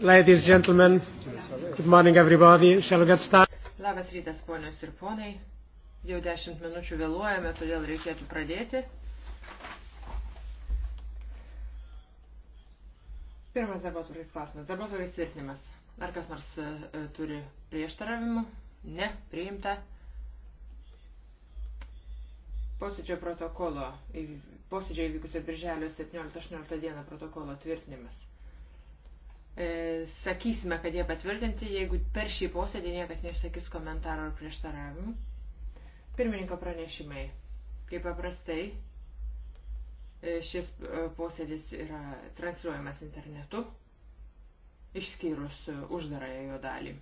Ladies and gentlemen, good morning everybody. Shall we get started? Labas rytas, ponios ir ponai. Jau dešimt minučių vėluojame, todėl reikėtų pradėti. Pirmas darbotvarės klausimas. Darbotvarės tvirtinimas. Ar kas nors e, e, turi prieštaravimų? Ne, priimta. Posėdžio protokolo, posėdžio įvykusio birželio 17-18 dieną protokolo tvirtinimas. E, sakysime, kad jie patvirtinti, jeigu per šį posėdį niekas neišsakys komentarų ar prieštaravimų. Pirmininko pranešimai. Kaip paprastai, e, šis e, posėdis yra transliuojamas internetu, išskyrus uždarąją jo dalį.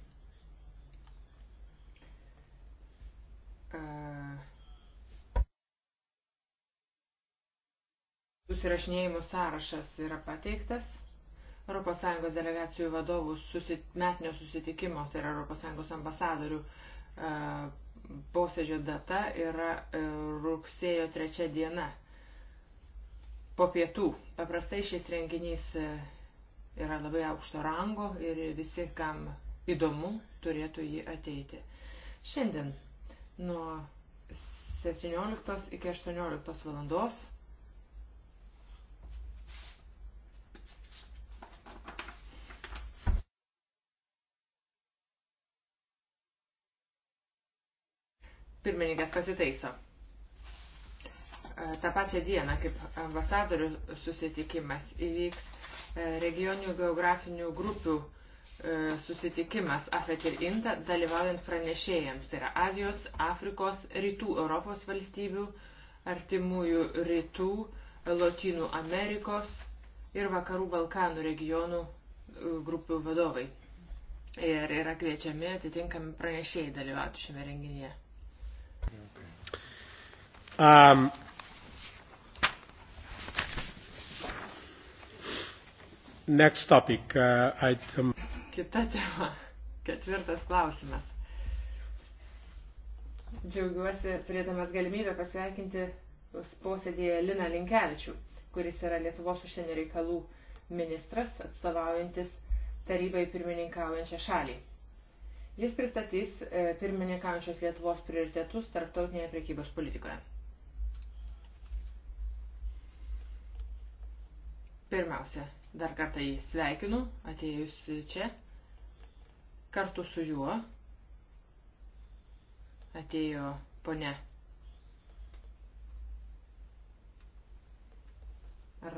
Susirašinėjimų sąrašas yra pateiktas. ES delegacijų vadovų susit, metinio susitikimo, tai yra ES ambasadorių e, posėdžio data yra e, rugsėjo trečia diena po pietų. Paprastai šis renginys e, yra labai aukšto rango ir visi, kam įdomu, turėtų jį ateiti. Šiandien nuo 17 iki 18 valandos Pirmininkas pasitaiso. Ta pačia diena, kaip ambasadorių susitikimas, įvyks e, regioninių geografinių grupių e, susitikimas AFET ir INTA dalyvaujant pranešėjams. Tai yra Azijos, Afrikos, Rytų Europos valstybių, Artimųjų Rytų, Lotynų Amerikos ir Vakarų Balkanų regionų e, grupių vadovai. Ir yra kviečiami atitinkami pranešėjai dalyvauti šiame renginyje. Um, next topic, uh, item. Kita tema. Ketvirtas klausimas. Džiaugiuosi turėdamas galimybę pasveikinti posėdėje Lina Linkevičių, kuris yra Lietuvos užsienio reikalų ministras atstovaujantis tarybai pirmininkaujančią šalį. Jis pristatys e, pirmininkaujančios Lietuvos prioritetus tarptautinėje prekybos politikoje. Pirmiausia, dar kartą jį sveikinu, atėjus čia, kartu su juo atėjo ponia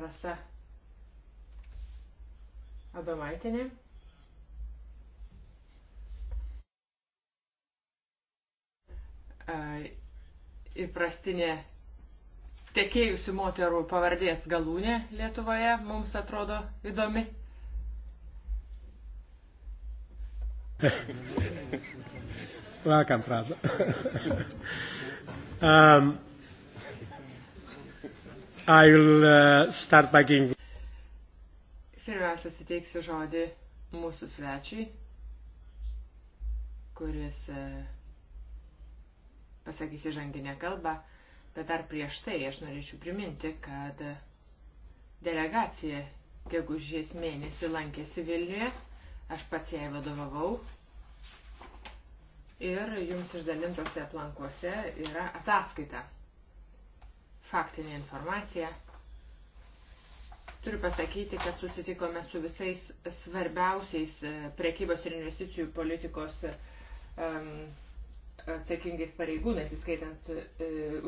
Rasa Adomaitinė. Įprastinė tekėjusių moterų pavardės galūnė Lietuvoje mums atrodo įdomi. Vakam frazą. um, I'll uh, start by giving. Pirmiausia, suteiksiu žodį mūsų svečiui, kuris uh, pasakys įžanginę kalbą. Uh, Bet dar prieš tai aš norėčiau priminti, kad delegacija gegužės mėnesį lankėsi Vilniuje, aš pats jai vadovavau. Ir jums išdalintose aplankose yra ataskaita, faktinė informacija. Turiu pasakyti, kad susitikome su visais svarbiausiais e, prekybos ir investicijų politikos um, atsakingais pareigūnais, įskaitant e,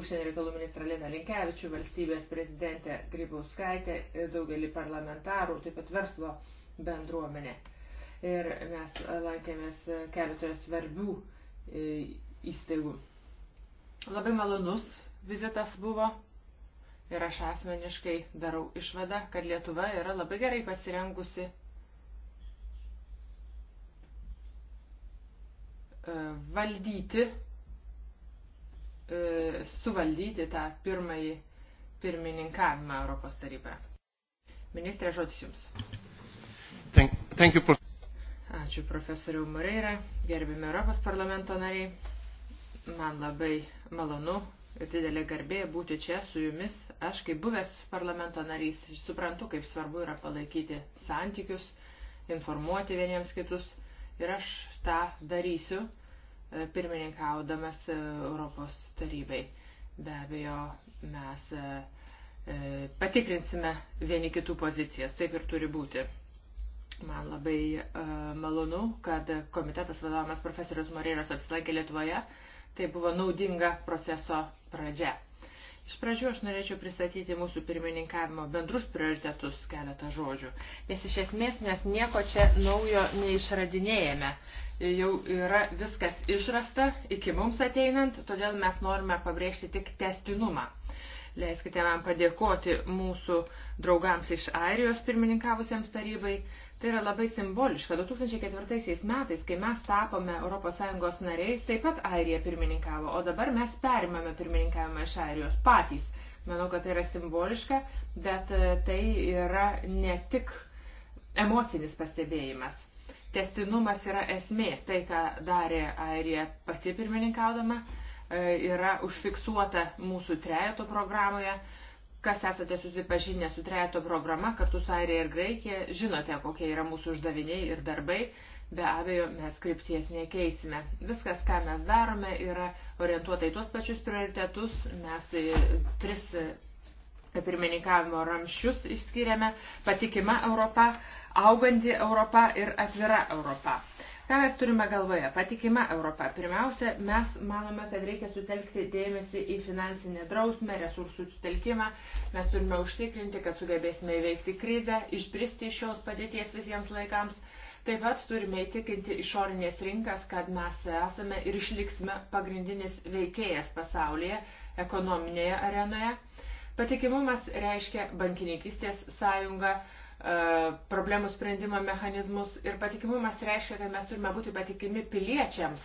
užsienio reikalų ministrą Liną Linkevičių, valstybės prezidentę Grybauskaitę, e, daugelį parlamentarų, taip pat verslo bendruomenę. Ir mes lankėmės keletoje svarbių e, įstaigų. Labai malonus vizitas buvo ir aš asmeniškai darau išvadą, kad Lietuva yra labai gerai pasirengusi E, valdyti, e, suvaldyti tą pirmąjį pirmininkavimą Europos taryboje. Ministrė, žodis Jums. Thank, thank you, prof. Ačiū profesoriau Moreira, gerbimi Europos parlamento nariai. Man labai malonu ir didelė garbė būti čia su Jumis. Aš kaip buvęs parlamento narys suprantu, kaip svarbu yra palaikyti santykius, informuoti vieniems kitus ir aš tą darysiu, e, pirmininkaudamas e, Europos tarybai. Be abejo, mes e, patikrinsime vieni kitų pozicijas, taip ir turi būti. Man labai malonu, kad komitetas vadovamas profesorius Morėras apsilankė Lietuvoje. Tai buvo naudinga proceso pradžia. Iš pradžių aš norėčiau pristatyti mūsų pirmininkavimo bendrus prioritetus keletą žodžių, nes iš esmės mes nieko čia naujo neišradinėjame. Jau yra viskas išrasta iki mums ateinant, todėl mes norime pabrėžti tik testinumą. Leiskite man padėkoti mūsų draugams iš Airijos pirmininkavusiems tarybai Tai yra labai simboliška. 2004 metais, kai mes tapome ES nariais, taip pat Airija pirmininkavo, o dabar mes perimame pirmininkavimą iš Airijos patys. Manau, kad tai yra simboliška, bet e, tai yra ne tik emocinis pastebėjimas. Testinumas yra esmė. Tai, ką darė Airija pati pirmininkaudama, e, yra užfiksuota mūsų trejato programoje kas esate susipažinę su trejato programa kartu su Airija ir Graikija, žinote, kokie yra mūsų uždaviniai ir darbai. Be abejo, mes krypties nekeisime. Viskas, ką mes darome, yra orientuota į tuos pačius prioritetus. Mes tris e, pirmininkavimo ramščius išskiriame - patikima Europa, auganti Europa ir atvira Europa. Ką mes turime galvoje? Patikima Europa. Pirmiausia, mes manome, kad reikia sutelkti dėmesį į finansinę drausmę, resursų sutelkimą. Mes turime užtikrinti, kad sugebėsime įveikti krizę, išbristi iš šios padėties visiems laikams. Taip pat turime įtikinti išorinės rinkas, kad mes esame ir išliksime pagrindinis veikėjas pasaulyje, ekonominėje arenoje. Patikimumas reiškia bankininkistės sąjungą E, problemų sprendimo mechanizmus ir patikimumas reiškia, kad mes turime būti patikimi piliečiams.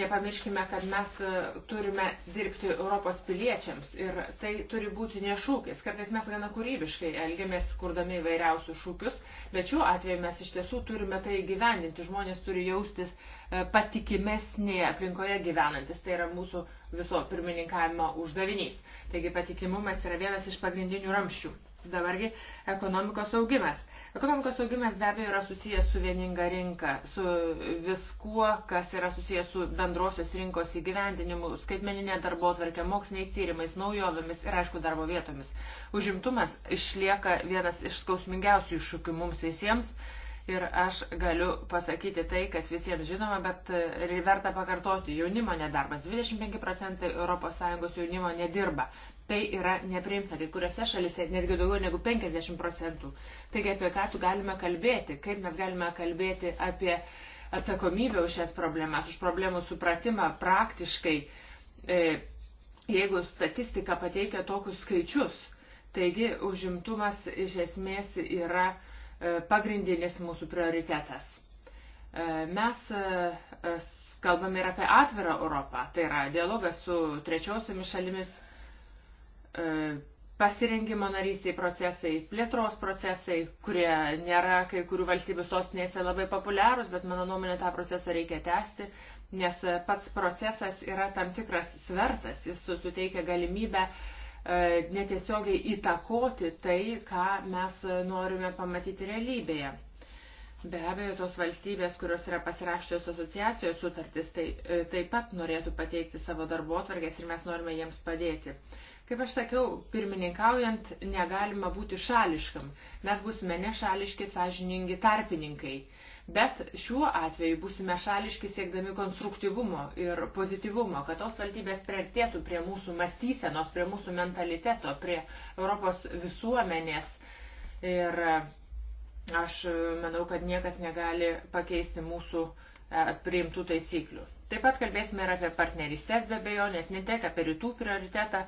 Nepamirškime, kad mes e, turime dirbti Europos piliečiams ir tai turi būti ne šūkis. Kartais mes gana kūrybiškai elgiamės, kurdami įvairiausius šūkius, bet šiuo atveju mes iš tiesų turime tai gyvendinti. Žmonės turi jaustis e, patikimesnėje aplinkoje gyvenantis. Tai yra mūsų viso pirmininkavimo uždavinys. Taigi patikimumas yra vienas iš pagrindinių ramščių dabargi ekonomikos augimas. Ekonomikos augimas be abejo yra susijęs su vieninga rinka, su viskuo, kas yra susijęs su bendrosios rinkos įgyvendinimu, skaitmeninė darbo tvarkė, moksliniais tyrimais, naujovėmis ir aišku darbo vietomis. Užimtumas išlieka vienas iš skausmingiausių iššūkių mums visiems. Ir aš galiu pasakyti tai, kas visiems žinoma, bet e, verta pakartoti, jaunimo nedarbas. 25 procentai ES jaunimo nedirba. Tai yra nepriimtina, kai kuriuose šalise netgi daugiau negu 50 procentų. Taigi apie ką tu galime kalbėti, kaip mes galime kalbėti apie atsakomybę už šias problemas, už problemų supratimą praktiškai, e, jeigu statistika pateikia tokius skaičius. Taigi užimtumas iš esmės yra e, pagrindinis mūsų prioritetas. E, mes e, kalbame ir apie atvirą Europą, tai yra dialogas su trečiosiomis šalimis E, pasirengimo narystiai procesai, plėtros procesai, kurie nėra kai kurių valstybių sostinėse labai populiarūs, bet mano nuomonė tą procesą reikia tęsti, nes pats procesas yra tam tikras svertas, jis suteikia galimybę e, netiesiogiai įtakoti tai, ką mes norime pamatyti realybėje. Be abejo, tos valstybės, kurios yra pasirašytos asociacijos sutartis, tai e, taip pat norėtų pateikti savo darbo atvargės ir mes norime jiems padėti. Kaip aš sakiau, pirmininkaujant negalima būti šališkam. Mes būsime nešališki, sąžiningi tarpininkai. Bet šiuo atveju būsime šališki siekdami konstruktyvumo ir pozityvumo, kad tos valstybės priartėtų prie mūsų mąstysenos, prie mūsų mentaliteto, prie Europos visuomenės. Ir aš manau, kad niekas negali pakeisti mūsų e, priimtų taisyklių. Taip pat kalbėsime ir apie partnerystės be bejonės, ne tik apie rytų prioritetą,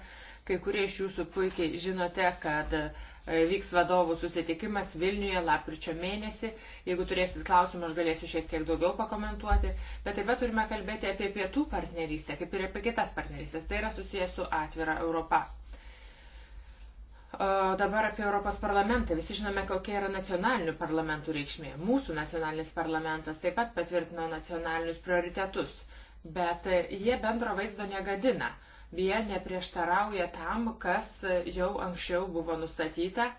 Kai kurie iš jūsų puikiai žinote, kad e, vyks vadovų susitikimas Vilniuje lapkričio mėnesį. Jeigu turėsit klausimą, aš galėsiu šiek tiek daugiau pakomentuoti. Bet taip pat turime kalbėti apie pietų partnerystę, kaip ir apie kitas partnerystės. Tai yra susijęs su atvira Europa. O dabar apie Europos parlamentą. Visi žinome, kokia yra nacionalinių parlamentų reikšmė. Mūsų nacionalinis parlamentas taip pat patvirtino nacionalinius prioritetus, bet jie bendro vaizdo negadina. Uh, jie neprieštarauja tam, kas jau anksčiau buvo nustatyta.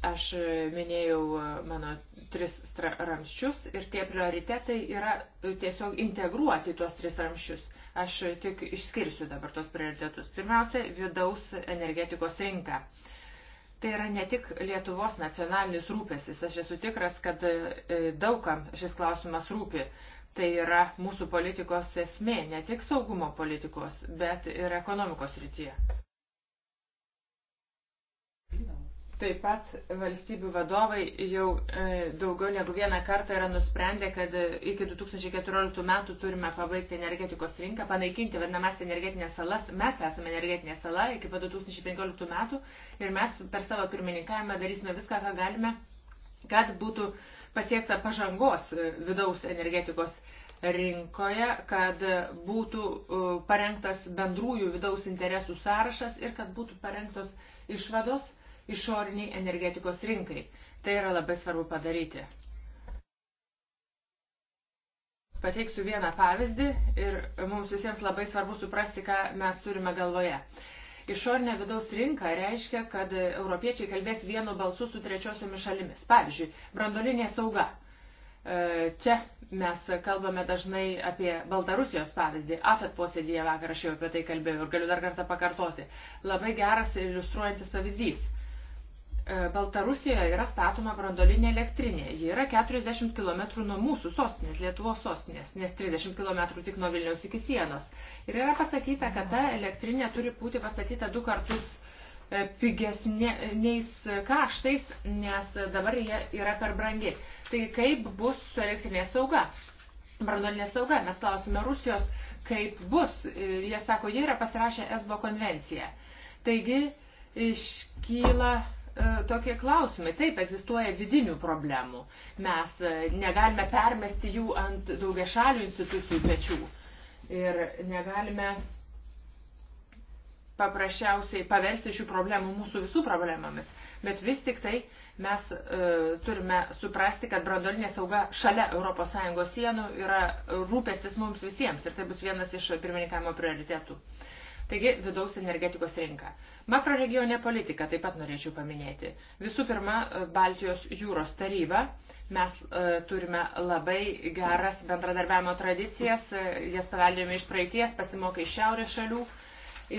Aš minėjau e, mano tris ramščius ir tie prioritetai yra e, tiesiog integruoti tuos tris ramščius. Aš tik išskirsiu dabar tos prioritetus. Pirmiausia, vidaus energetikos rinka. Tai yra ne tik Lietuvos nacionalinis rūpesis. Aš esu tikras, kad e, daugam šis klausimas rūpi. Tai yra mūsų politikos esmė, ne tik saugumo politikos, bet ir ekonomikos rytyje. Taip pat valstybių vadovai jau e, daugiau negu vieną kartą yra nusprendę, kad e, iki 2014 metų turime pabaigti energetikos rinką, panaikinti vadinamas energetinės salas. Mes esame energetinė sala iki 2015 metų ir mes per savo pirmininkavimą darysime viską, ką galime, kad būtų e, pasiekta pažangos e, vidaus energetikos rinkoje, kad būtų e, parengtas bendrųjų vidaus interesų sąrašas ir kad būtų parengtos išvados išoriniai energetikos rinkai. Tai yra labai svarbu padaryti. Pateiksiu vieną pavyzdį ir mums visiems labai svarbu suprasti, ką mes turime galvoje. Išorinė vidaus rinka reiškia, kad europiečiai kalbės vienu balsu su trečiosiomis šalimis. Pavyzdžiui, brandolinė sauga. E, čia mes kalbame dažnai apie Baltarusijos pavyzdį. AFET posėdėje vakar aš jau apie tai kalbėjau ir galiu dar kartą pakartoti. Labai geras iliustruojantis pavyzdys E, Baltarusijoje yra statoma brandolinė elektrinė. Ji yra 40 km nuo mūsų sostinės, Lietuvos sostinės, nes 30 km tik nuo Vilniaus iki sienos. Ir yra pasakyta, kad ta elektrinė turi būti pastatyta du kartus e, pigesniais kaštais, nes dabar jie yra per brangi. Tai kaip bus su elektrinė sauga? Brandolinė sauga, mes klausime Rusijos, kaip bus. E, jie sako, jie yra pasirašę ESBO konvenciją. Taigi iškyla E, tokie klausimai. Taip, egzistuoja vidinių problemų. Mes e, negalime permesti jų ant daugia šalių institucijų pečių. Ir negalime paprasčiausiai paversti šių problemų mūsų visų problemomis. Bet vis tik tai mes e, turime suprasti, kad brandolinė sauga šalia ES sienų yra rūpestis mums visiems ir tai bus vienas iš pirmininkavimo prioritetų. Taigi, vidaus energetikos rinka. Makroregionė politika taip pat norėčiau paminėti. Visų pirma, e, Baltijos jūros taryba. Mes e, turime labai geras bendradarbiavimo tradicijas, e, jas paveldėjome iš praeities, pasimokai iš šiaurės šalių.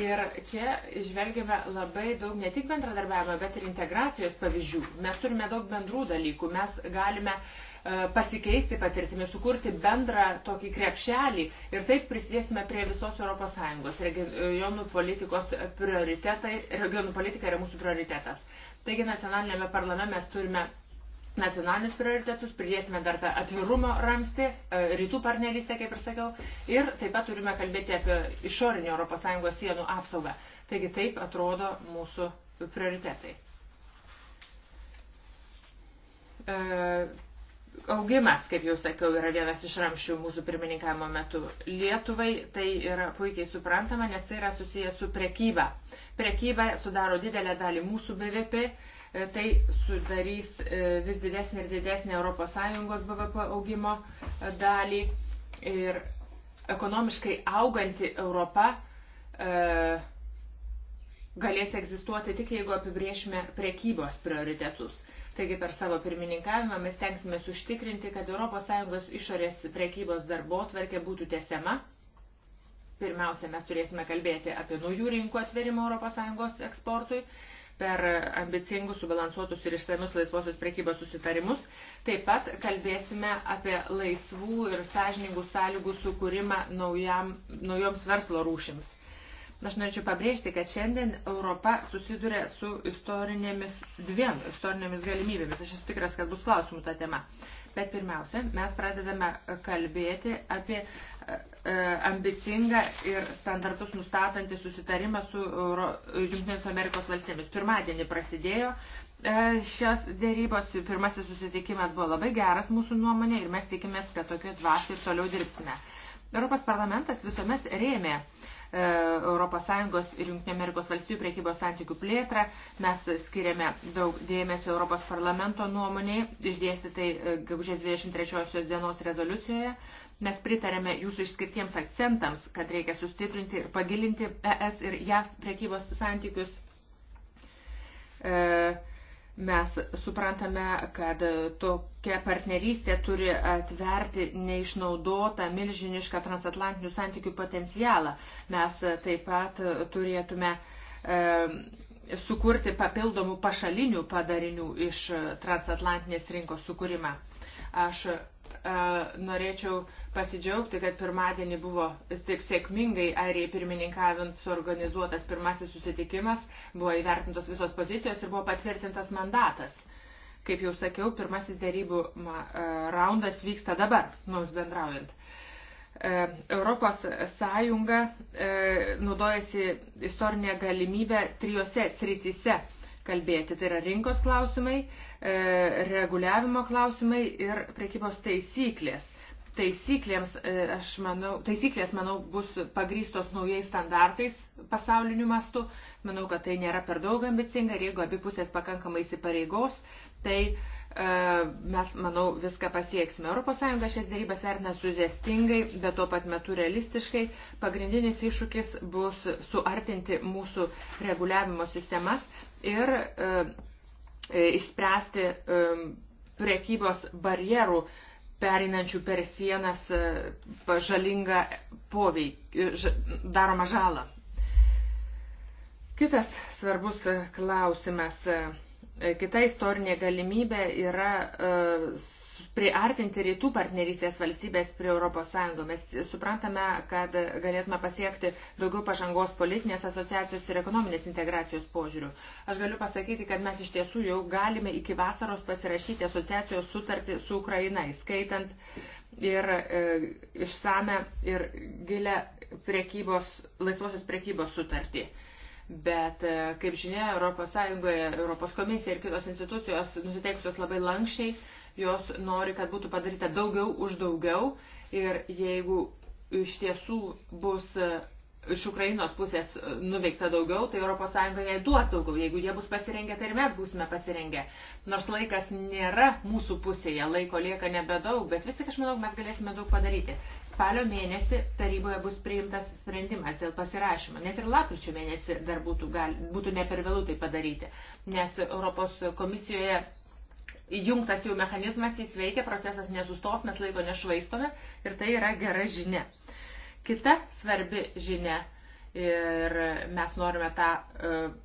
Ir čia žvelgiame labai daug ne tik bendradarbiavimo, bet ir integracijos pavyzdžių. Mes turime daug bendrų dalykų. Mes galime e, E, pasikeisti patirtimi, sukurti bendrą tokį krepšelį ir taip prisidėsime prie visos ES. Regionų politikos prioritetai, regionų politika yra mūsų prioritetas. Taigi nacionalinėme parlame mes turime nacionalinius prioritetus, pridėsime dar tą atvirumo ramstį, e, rytų partnerystę, kaip ir sakiau, ir taip pat turime kalbėti apie išorinį ES sienų apsaugą. Taigi taip atrodo mūsų prioritetai. E, Augimas, kaip jau sakiau, yra vienas iš ramščių mūsų pirmininkavimo metu. Lietuvai tai yra puikiai suprantama, nes tai yra susijęs su prekyba. Prekyba sudaro didelę dalį mūsų BVP, e, tai sudarys e, vis didesnį ir didesnį ES BVP augimo e, dalį. Ir ekonomiškai auganti Europa galės egzistuoti tik jeigu apibriešime prekybos prioritetus. Taigi per savo pirmininkavimą mes tenksime užtikrinti, kad ES išorės prekybos darbo tvarkė būtų tesiama. Pirmiausia, mes turėsime kalbėti apie naujų rinkų atverimą ES eksportui per ambicingus, subalansuotus ir išsamius laisvosios prekybos susitarimus. Taip pat kalbėsime apie laisvų ir sąžiningų sąlygų sukūrimą naujam, naujoms verslo rūšims. Aš norėčiau pabrėžti, kad šiandien Europa susiduria su istorinėmis dviem istorinėmis galimybėmis. Aš esu tikras, kad bus klausimų tą temą. Bet pirmiausia, mes pradedame kalbėti apie e, e, ambicingą ir standartus nustatantį susitarimą su Junktinėmis Amerikos valstybėmis. Pirmadienį prasidėjo e, šios dėrybos, pirmasis susitikimas buvo labai geras mūsų nuomonė ir mes tikimės, kad tokiu dvasiu ir toliau dirbsime. Europos parlamentas visuomet rėmė uh, ES ir JAV priekybos santykių plėtrą. Mes skiriame daug dėmesio Europos parlamento nuomoniai, išdėstytai e, gegužės 23 dienos rezoliucijoje. Mes pritarėme jūsų išskirtiems akcentams, kad reikia sustiprinti ir pagilinti ES ir JAV priekybos santykius. E, mes suprantame, kad to tokia partnerystė turi atverti neišnaudotą milžinišką transatlantinių santykių potencialą. Mes taip pat turėtume e, sukurti papildomų pašalinių padarinių iš transatlantinės rinkos sukūrimą. Aš e, norėčiau pasidžiaugti, kad pirmadienį buvo taip sėkmingai Airijai pirmininkavint suorganizuotas pirmasis susitikimas, buvo įvertintos visos pozicijos ir buvo patvirtintas mandatas Kaip jau sakiau, pirmasis dėrybų e, raundas vyksta dabar, mums bendraujant. E, Europos Sąjunga e, naudojasi istorinę galimybę trijose srityse kalbėti. Tai yra rinkos klausimai, reguliavimo klausimai ir prekybos taisyklės. Taisyklėms, aš manau, taisyklės, manau, bus pagrystos naujais standartais pasauliniu mastu. Manau, kad tai nėra per daug ambicinga ir jeigu abi pusės pakankamai įsipareigos, tai e, mes, manau, viską pasieksime. ES šias dėrybas vertina suzestingai, bet tuo pat metu realistiškai. Pagrindinis iššūkis bus suartinti mūsų reguliavimo sistemas ir e, e išspręsti e, priekybos barjerų pereinančių per sienas e, žalingą poveikį, daromą žalą. Kitas svarbus klausimas E, kita istorinė galimybė yra e, priartinti rytų partnerystės valstybės prie ES. Mes suprantame, kad galėtume pasiekti daugiau pažangos politinės asociacijos ir ekonominės integracijos požiūrių. Aš galiu pasakyti, kad mes iš tiesų jau galime iki vasaros pasirašyti asociacijos sutartį su Ukraina, skaitant ir e, išsame ir gilę prekybos, laisvosios prekybos sutartį. E, Bet, e, kaip žinia, ES, ES komisija ir kitos institucijos nusiteikusios labai lankščiai, jos nori, kad būtų padaryta daugiau už daugiau. Ir jeigu iš tiesų bus e, iš Ukrainos pusės e, nuveikta daugiau, tai ES jai duos daugiau. Jeigu jie bus pasirengę, tai ir mes būsime pasirengę. Nors laikas nėra mūsų pusėje, laiko lieka nebedaug, bet vis tik aš manau, mes galėsime daug padaryti spalio mėnesį taryboje bus priimtas sprendimas dėl pasirašymo. Net ir lapkričio mėnesį dar būtų, gal, būtų ne per vėlų tai padaryti, nes Europos komisijoje įjungtas jau mechanizmas, jis veikia, procesas nesustos, mes laiko nešvaistome ir tai yra gera žinia. Kita svarbi žinia ir mes norime tą. Uh,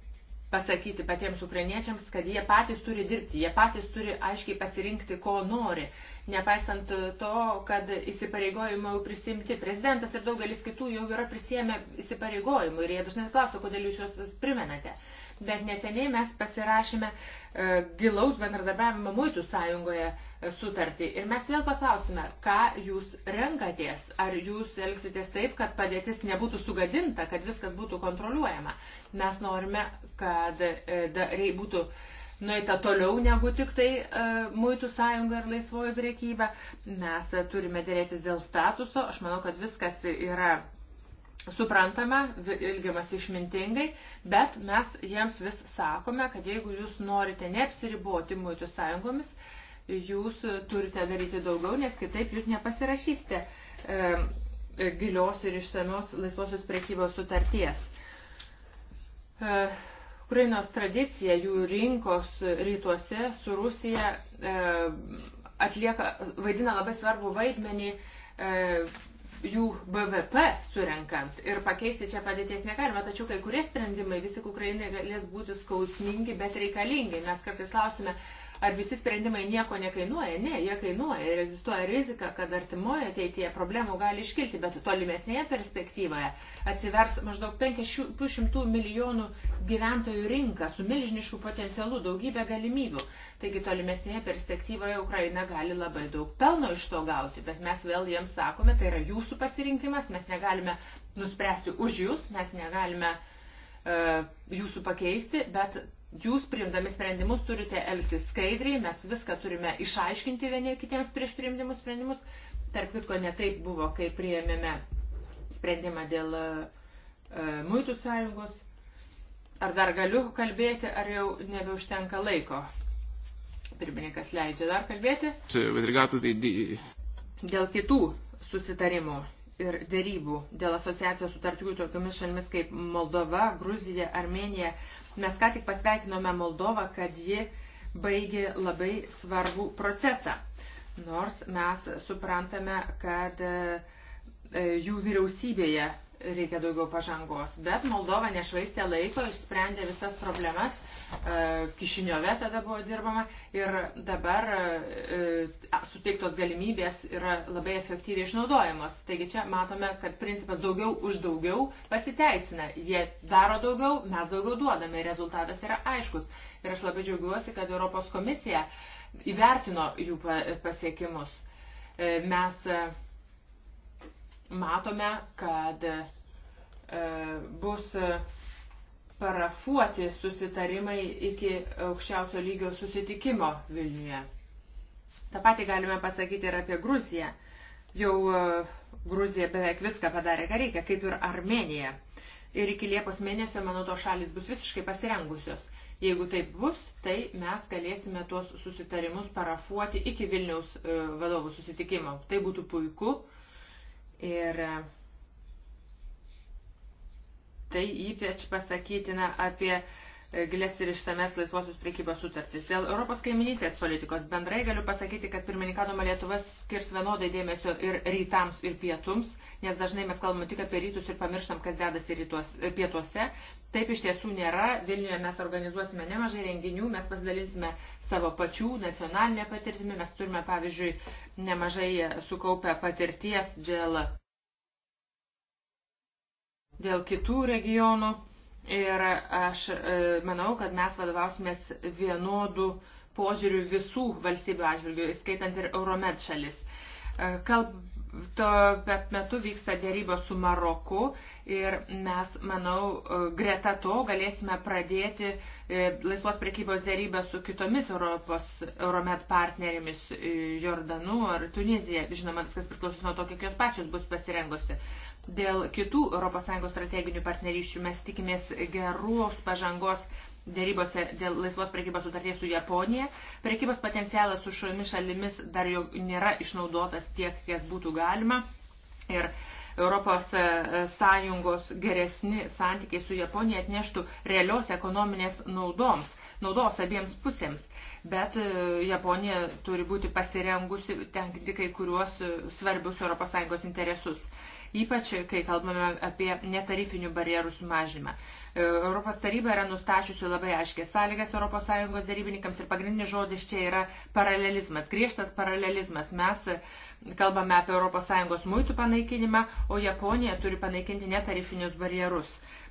pasakyti patiems ukrainiečiams, kad jie patys turi dirbti, jie patys turi aiškiai pasirinkti, ko nori, nepaisant to, kad įsipareigojimai jau prisimti. Prezidentas ir daugelis kitų jau yra prisėmę įsipareigojimų ir jie dažnai klauso, kodėl jūs juos primenate. Uh, bet neseniai mes pasirašėme e, gilaus bendradarbiavimo muitų sąjungoje e, sutartį. Ir mes vėl paklausime, ką jūs renkatės, ar jūs elgsitės taip, kad padėtis nebūtų sugadinta, kad viskas būtų kontroliuojama. Mes norime, kad e, būtų nueita toliau negu tik tai e, muitų sąjunga ir laisvoji priekyba. Mes e, turime dėrėtis dėl statuso. Aš manau, kad viskas yra suprantama, ilgiamas išmintingai, bet mes jiems vis sakome, kad jeigu jūs norite neapsiriboti muitų sąjungomis, jūs turite daryti daugiau, nes kitaip jūs nepasirašysite e, gilios ir išsamios laisvosios prekybos sutarties. E, Ukrainos tradicija, jų rinkos rytuose su Rusija e, atlieka, vaidina labai svarbu vaidmenį e, jų BVP surenkant ir pakeisti čia padėties negalima, tačiau kai kurie sprendimai vis tik Ukrainai galės būti skausmingi, bet reikalingi. Mes kartais klausime, Ar visi sprendimai nieko nekainuoja? Ne, jie kainuoja ir egzistuoja rizika, kad artimoje ateityje problemų gali iškilti, bet tolimesnėje perspektyvoje atsivers maždaug 500 milijonų gyventojų rinka su milžinišku potencialu daugybė galimybių. Taigi tolimesnėje perspektyvoje Ukraina gali labai daug pelno iš to gauti, bet mes vėl jiems sakome, tai yra jūsų pasirinkimas, mes negalime nuspręsti už jūs, mes negalime uh, jūsų pakeisti, bet Jūs priimdami sprendimus turite elgtis skaidriai, mes viską turime išaiškinti vieni kitiems prieš priimdimus sprendimus. Tarp kitko, ne taip buvo, kai priėmėme sprendimą dėl e, e, muitų sąjungos. Ar dar galiu kalbėti, ar jau nebeužtenka laiko? Pirmininkas leidžia dar kalbėti. Dėl kitų susitarimų ir dėrybų dėl asociacijos sutarčių tokiomis šalimis kaip Moldova, Gruzija, Armenija. Mes ką tik pasveikinome Moldovą, kad ji baigė labai svarbų procesą. Nors mes suprantame, kad e, jų vyriausybėje reikia daugiau pažangos. Bet Moldova nešvaistė laiko, išsprendė visas problemas E, kišiniove tada buvo dirbama ir dabar e, e, suteiktos galimybės yra labai efektyviai išnaudojamos. Taigi čia matome, kad principas daugiau už daugiau pasiteisina. Jie daro daugiau, mes daugiau duodame, rezultatas yra aiškus. Ir aš labai džiaugiuosi, kad Europos komisija įvertino jų pasiekimus. Mes matome, kad bus parafuoti susitarimai iki aukščiausio lygio susitikimo Vilniuje. Ta pati galime pasakyti ir apie Gruziją. Jau e, Gruzija beveik viską padarė, ką reikia, kaip ir Armenija. Ir iki Liepos mėnesio, manau, to šalis bus visiškai pasirengusios. Jeigu taip bus, tai mes galėsime tuos susitarimus parafuoti iki Vilniaus e, vadovų susitikimo. Tai būtų puiku. Ir uh, Tai ypač pasakytina apie e, gilės ir išsames laisvosios priekybos sutartis. Dėl Europos kaiminystės politikos bendrai galiu pasakyti, kad pirmininkadoma Lietuva skirs vienodai dėmesio ir rytams, ir pietums, nes dažnai mes kalbame tik apie rytus ir pamirštam, kas dedasi rytuos, e, pietuose. Taip iš tiesų nėra. Vilniuje mes organizuosime nemažai renginių, mes pasidalinsime savo pačių nacionalinę patirtimį, mes turime, pavyzdžiui, nemažai e, sukaupę patirties dėl dėl kitų regionų ir aš e, manau, kad mes vadovausimės vienodų požiūrių visų valstybių atžvilgių, skaitant ir Euromed šalis. E, kalb Tuo pat metu vyksta dėrybos su Maroku ir mes, manau, e, greta to galėsime pradėti e, laisvos prekybos dėrybę su kitomis Europos Euromet partnerėmis e, Jordanu ar Tunizija. Žinoma, viskas priklausys nuo to, kiek jos pačios bus pasirengusi. Dėl kitų ES strateginių partnerysčių mes tikimės geros pažangos dėrybose dėl laisvos prekybos sutarties su Japonija. Prekybos potencialas su šiomis šalimis dar jau nėra išnaudotas tiek, kiek būtų galima. Ir Europos e, Sąjungos geresni santykiai su Japonija atneštų realios ekonominės naudoms, naudos abiems pusėms. Bet e, Japonija turi būti pasirengusi tenkinti kai kuriuos e, svarbius Europos Sąjungos interesus. Ypač, kai kalbame apie netarifinių barjerų sumažymą. Europos taryba yra nustačiusi labai aiškiai sąlygas ES darybininkams ir pagrindinis žodis čia yra paralelizmas, griežtas paralelizmas. Mes kalbame apie ES muitų panaikinimą, o Japonija turi panaikinti netarifinius barjerus.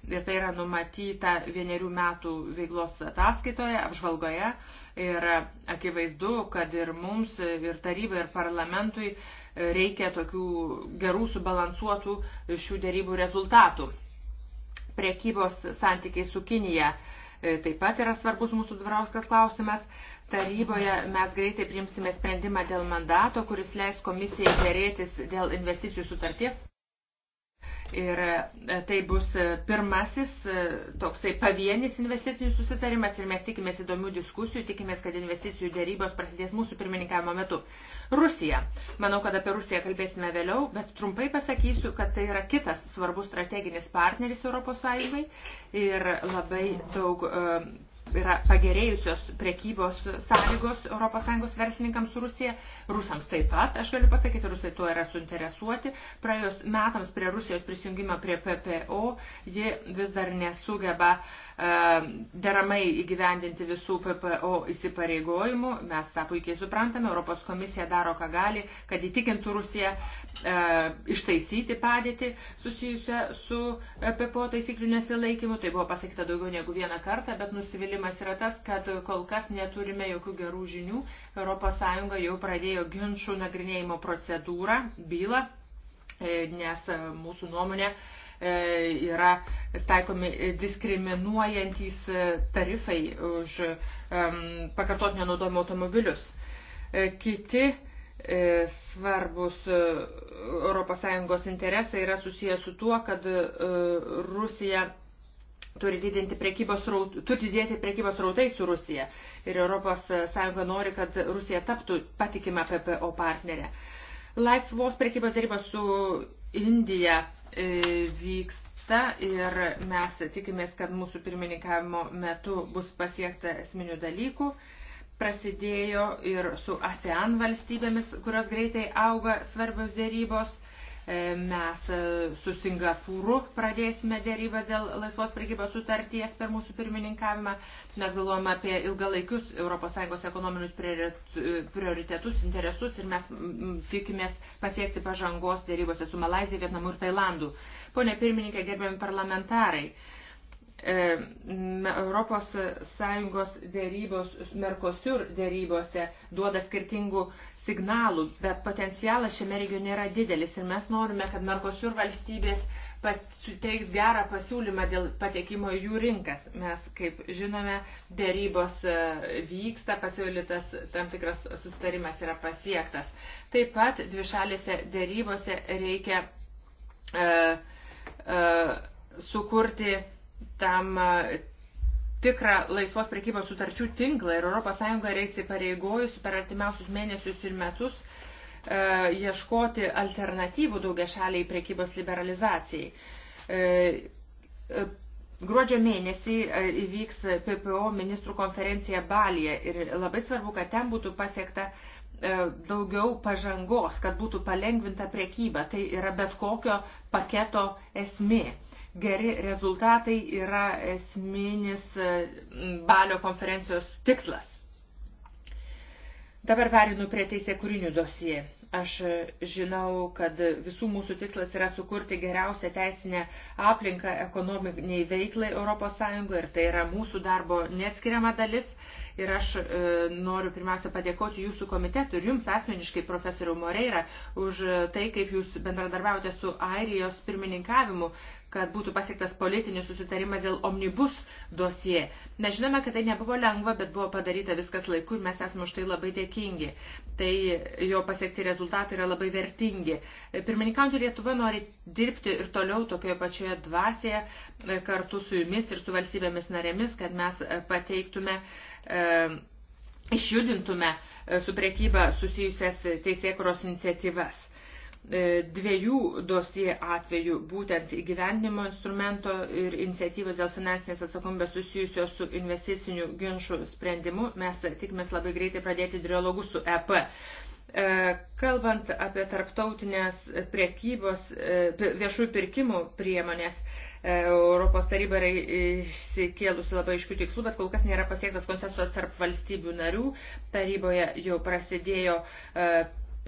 Ir tai yra numatyta vienerių metų veiklos ataskaitoje, apžvalgoje. Ir akivaizdu, kad ir mums, ir tarybai, ir parlamentui reikia tokių gerų subalansuotų šių dėrybų rezultatų. Prekybos santykiai su Kinija e, taip pat yra svarbus mūsų dvarauskas klausimas. Taryboje mes greitai priimsime sprendimą dėl mandato, kuris leis komisijai dėrėtis dėl investicijų sutarties. Ir e, tai bus e, pirmasis e, toksai pavienis investicijų susitarimas ir mes tikimės įdomių diskusijų, tikimės, kad investicijų dėrybos prasidės mūsų pirmininkavimo metu. Rusija. Manau, kad apie Rusiją kalbėsime vėliau, bet trumpai pasakysiu, kad tai yra kitas svarbus strateginis partneris ES ir labai daug yra pagerėjusios prekybos sąlygos ES verslininkams su Rusija, rusams taip pat, aš galiu pasakyti, rusai tuo yra suinteresuoti. Praėjus metams prie Rusijos prisijungimo prie PPO, ji vis dar nesugeba E, deramai įgyvendinti visų PPO įsipareigojimų. Mes tą puikiai suprantame, Europos komisija daro, ką gali, kad įtikintų Rusiją e, ištaisyti padėtį susijusią su PPO taisyklių nesilaikymu. Tai buvo pasakyta daugiau negu vieną kartą, bet nusivylimas yra tas, kad kol kas neturime jokių gerų žinių. ES jau pradėjo ginčių nagrinėjimo procedūrą, bylą, e, nes e, mūsų nuomonė e, E, yra taikomi diskriminuojantys tarifai už pakartotinio naudojimo automobilius. E, kiti e, svarbus ES interesai yra susijęs su tuo, kad Rusija turi, didinti prekybos raut, turi didėti prekybos rautai su Rusija ir ES nori, kad Rusija taptų patikimą PPO partnerę. Laisvos prekybos darybos su Indija E, vyksta ir mes tikimės, kad mūsų pirmininkavimo metu bus pasiekta esminių dalykų. Prasidėjo ir su ASEAN valstybėmis, kurios greitai auga svarbios dėrybos E, mes e, su Singapūru pradėsime dėrybą dėl laisvos prekybos sutarties per mūsų pirmininkavimą. Mes galvojame apie ilgalaikius ES ekonominius e, prioritetus, interesus ir mes tikimės pasiekti pažangos dėrybose su Malazija, Vietnamu ir Tailandu. Pone pirmininkė, gerbiami parlamentarai. Europos Sąjungos dėrybos, Merkosur dėrybose duoda skirtingų signalų, bet potencialas šiame regione yra didelis ir mes norime, kad Merkosur valstybės suteiks gerą pasiūlymą dėl patekimo į jų rinkas. Mes, kaip žinome, dėrybos e, vyksta, pasiūlytas tam tikras sustarimas yra pasiektas. Taip pat dvišalėse dėrybose reikia e, e, sukurti tam tikrą laisvos prekybos sutarčių tinklą ir ES yra įsipareigojusi per artimiausius mėnesius ir metus e, ieškoti alternatyvų daugia šaliai prekybos liberalizacijai. E, e, Gruodžio mėnesį e, įvyks PPO ministrų konferencija Balyje ir labai svarbu, kad ten būtų pasiekta e, daugiau pažangos, kad būtų palengvinta priekyba. Tai yra bet kokio paketo esmė. Geri rezultatai yra esminis e, balio konferencijos tikslas. Dabar perinu prie teisėkūrinių dosijai. Aš e, žinau, kad visų mūsų tikslas yra sukurti geriausią teisinę aplinką ekonominiai veiklai ES ir tai yra mūsų darbo neatskiriama dalis. Ir aš e, noriu pirmiausia padėkoti jūsų komitetu ir jums asmeniškai, profesoriu Moreira, už tai, kaip jūs bendradarbiavote su Airijos pirmininkavimu, kad būtų pasiektas politinis susitarimas dėl omnibus dosie. Mes žinome, kad tai nebuvo lengva, bet buvo padaryta viskas laiku ir mes esame už tai labai dėkingi. Tai jo pasiekti rezultatai yra labai vertingi. Pirmininkaujantį Lietuva nori dirbti ir toliau tokioje pačioje dvasėje e, kartu su jumis ir su valstybėmis narėmis, kad mes e, pateiktume, e, išjudintume su priekyba susijusias teisėkuros iniciatyvas E, dviejų dosie atveju būtent įgyvendinimo instrumento ir iniciatyvos dėl finansinės atsakomybės susijusios su investicinių ginčių sprendimu. Mes tikimės labai greitai pradėti dialogus su EP. E, kalbant apie tarptautinės priekybos, e, viešųjų pirkimų priemonės, Europos taryba yra išsikėlusi labai iškių tikslų, bet kol kas nėra pasiektas konsensusas tarp valstybių narių. Taryboje jau prasidėjo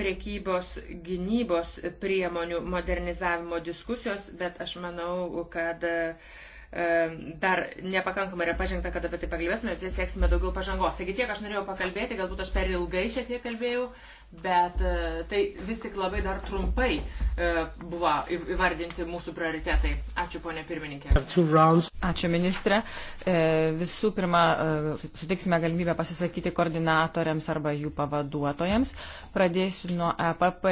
priekybos gynybos priemonių modernizavimo diskusijos, bet aš manau, kad e, dar nepakankamai yra pažengta, kad apie tai pakalbėtume, tai sieksime daugiau pažangos. Taigi tiek aš norėjau pakalbėti, galbūt aš per ilgai šiek tiek kalbėjau bet e, tai vis tik labai dar trumpai e, buvo įvardinti mūsų prioritetai. Ačiū, ponė pirmininkė. Ačiū, ministrė. E, visų pirma, sutiksime galimybę pasisakyti koordinatoriams arba jų pavaduotojams. Pradėsiu nuo APP,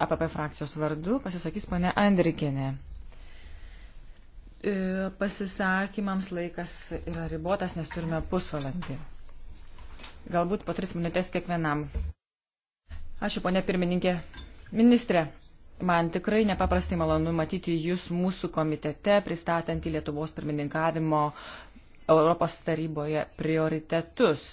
APP frakcijos vardu. Pasisakys ponė Andrikinė. Pasisakymams laikas yra ribotas, nes turime pusvalandį. Galbūt po tris minutės kiekvienam. Ačiū, ponė pirmininkė. Ministrė, man tikrai nepaprastai malonu matyti Jūs mūsų komitete pristatantį Lietuvos pirmininkavimo Europos taryboje prioritetus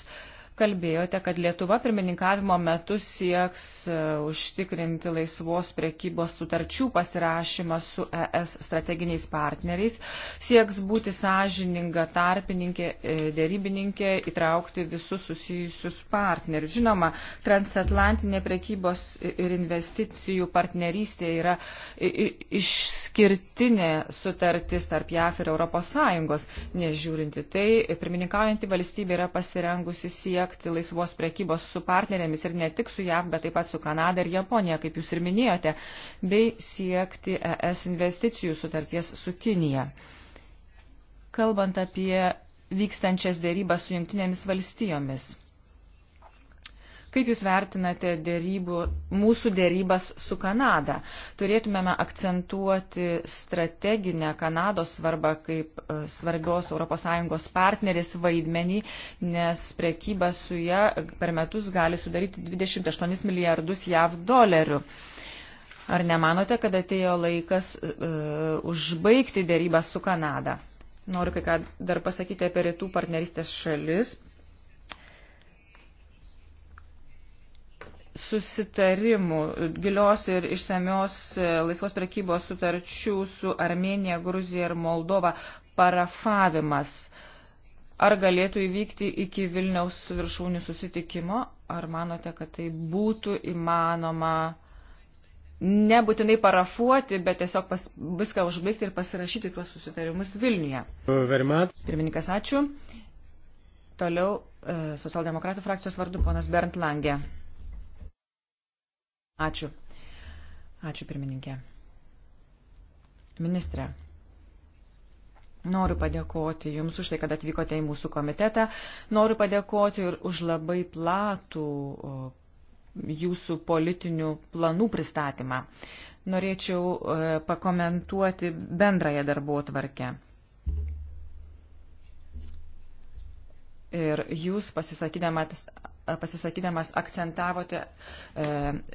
kalbėjote, kad Lietuva pirmininkavimo metu sieks e, užtikrinti laisvos priekybos sutarčių pasirašymą su ES strateginiais partneriais, sieks būti sąžininga tarpininkė, e, dėrybininkė, įtraukti visus susijusius partnerius. Žinoma, transatlantinė priekybos ir investicijų partnerystė yra išskirtinė sutartis tarp JAF ir ES. Nežiūrinti tai, pirmininkaujantį valstybę yra pasirengusi siekti siekti laisvos prekybos su partnerėmis ir ne tik su JAV, bet taip pat su Kanada ir Japonija, kaip jūs ir minėjote, bei siekti ES investicijų sutarties su Kinija. Kalbant apie vykstančias dėrybas su jungtinėmis valstijomis. Kaip Jūs vertinate dėrybų, mūsų dėrybas su Kanada? Turėtumėme akcentuoti strateginę Kanados svarbą kaip e, svarbios ES partneris vaidmenį, nes prekyba su ją per metus gali sudaryti 28 milijardus JAV dolerių. Ar nemanote, kad atėjo laikas uh, užbaigti dėrybą su Kanada? Noriu kai ką dar pasakyti apie rytų partnerystės šalis. susitarimų, gilios ir išsamios e, laisvos prekybos sutarčių su Armenija, Gruzija ir Moldova parafavimas. Ar galėtų įvykti iki Vilniaus viršūnių susitikimo, ar manote, kad tai būtų įmanoma nebūtinai parafuoti, bet tiesiog pas, viską užbaigti ir pasirašyti tuos susitarimus Vilniuje? Vermat. Pirmininkas, ačiū. Toliau e, socialdemokratų frakcijos vardu ponas Bernd Langė. Ačiū. Ačiū, pirmininkė. Ministre, noriu padėkoti Jums už tai, kad atvykote į mūsų komitetą. Noriu padėkoti ir už labai platų Jūsų politinių planų pristatymą. Norėčiau e, pakomentuoti bendrąją darbo tvarkę. Ir Jūs pasisakydamas pasisakydamas akcentavote e,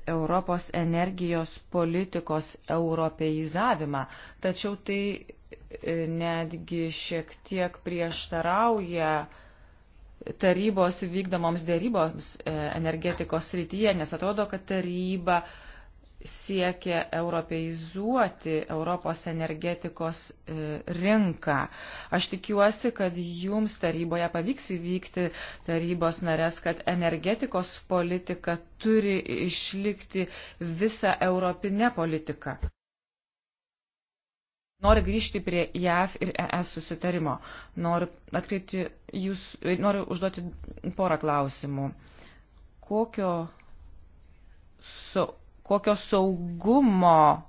Europos energijos politikos europeizavimą, tačiau tai e, netgi šiek tiek prieštarauja tarybos vykdomoms dėryboms e, energetikos srityje, nes atrodo, kad taryba e, siekia europeizuoti Europos energetikos e, rinką. Aš tikiuosi, kad jums taryboje pavyks įvykti tarybos narės, kad energetikos politika turi išlikti visą europinę politiką. Noriu grįžti prie JAV ir ES susitarimo. Noriu, atkreipti jūs, noriu užduoti porą klausimų. Kokio so, kokio saugumo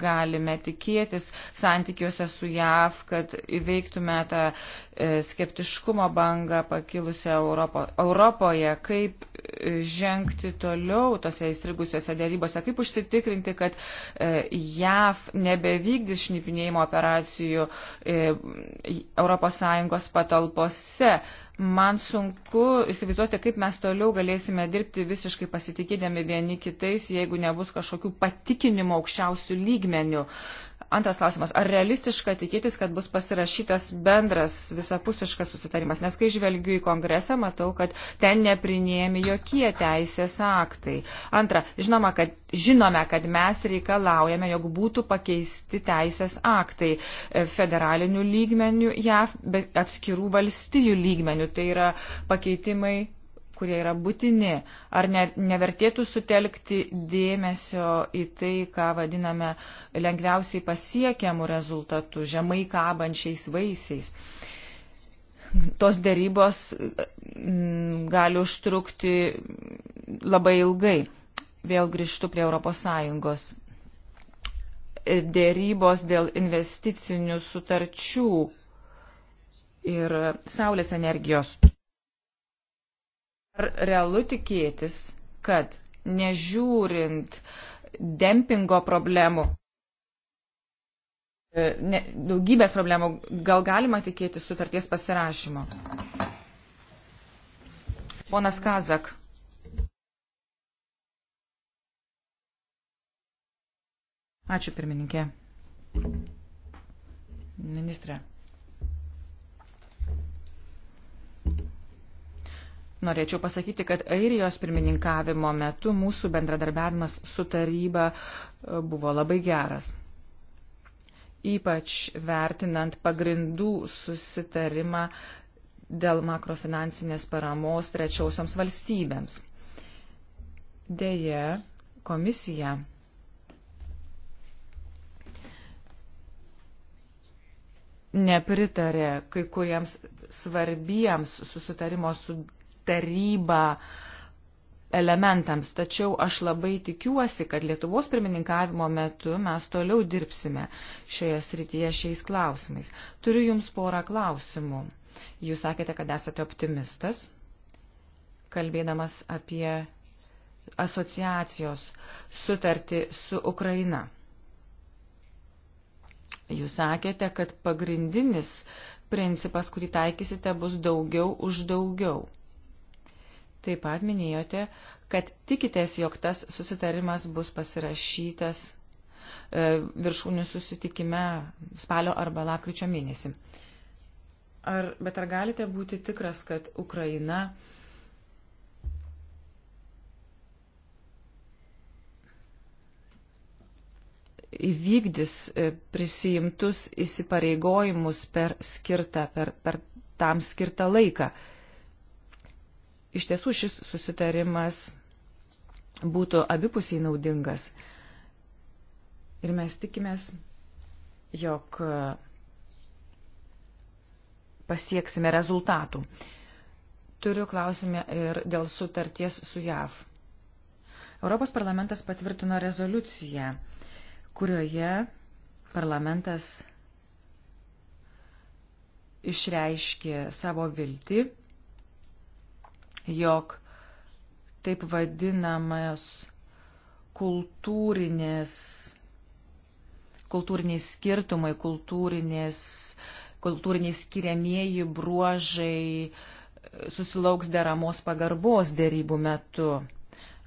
galime tikėtis santykiuose su JAV, kad įveiktume tą e, skeptiškumo bangą pakilusią Europo, Europoje, kaip e, žengti toliau tose įstrigusiuose dėrybose, kaip užsitikrinti, kad e, JAV nebevykdys šnipinėjimo operacijų ES patalpose, man sunku įsivaizduoti, kaip mes toliau galėsime dirbti visiškai pasitikėdami vieni kitais, jeigu nebus kažkokių patikinimų aukščiausių lygmenių. Antras klausimas. Ar realistiška tikėtis, kad bus pasirašytas bendras visapusiškas susitarimas? Nes kai žvelgiu į kongresą, matau, kad ten neprinėjami jokie teisės aktai. Antra, žinoma, kad, žinome, kad mes reikalaujame, jog būtų pakeisti teisės aktai e, federalinių lygmenių JAV, bet atskirų valstijų lygmenių. Tai yra pakeitimai kurie yra būtini. Ar ne, nevertėtų sutelkti dėmesio į tai, ką vadiname lengviausiai pasiekiamų rezultatų, žemai kabančiais vaisiais. Tos dėrybos mm, gali užtrukti labai ilgai. Vėl grįžtu prie ES. Dėrybos dėl investicinių sutarčių ir saulės energijos Ar realu tikėtis, kad nežiūrint dempingo problemų, e, ne, daugybės problemų, gal galima tikėti sutarties pasirašymo? Ponas Kazak. Ačiū pirmininkė. Ministrė. Norėčiau pasakyti, kad Airijos pirmininkavimo metu mūsų bendradarbiavimas su taryba e, buvo labai geras. Ypač vertinant pagrindų susitarimą dėl makrofinansinės paramos trečiosioms valstybėms. Deja, komisija nepritarė kai kuriems svarbiems susitarimo su taryba elementams. Tačiau aš labai tikiuosi, kad Lietuvos pirmininkavimo metu mes toliau dirbsime šioje srityje šiais klausimais. Turiu Jums porą klausimų. Jūs sakėte, kad esate optimistas, kalbėdamas apie asociacijos sutartį su Ukraina. Jūs sakėte, kad pagrindinis principas, kurį taikysite, bus daugiau už daugiau. Taip pat minėjote, kad tikitės, jog tas susitarimas bus pasirašytas e, viršūnių susitikime spalio arba lakryčio mėnesį. Ar, bet ar galite būti tikras, kad Ukraina įvykdys e, prisijimtus įsipareigojimus per skirtą, per, per tam skirtą laiką? iš tiesų šis susitarimas būtų abipusiai naudingas. Ir mes tikimės, jog pasieksime rezultatų. Turiu klausimę ir dėl sutarties su JAV. Europos parlamentas patvirtino rezoliuciją, kurioje parlamentas išreiškė savo viltį jog taip vadinamas kultūrinės, kultūriniai skirtumai, kultūrinės, kultūriniai skiriamieji bruožai susilauks deramos pagarbos dėrybų metu.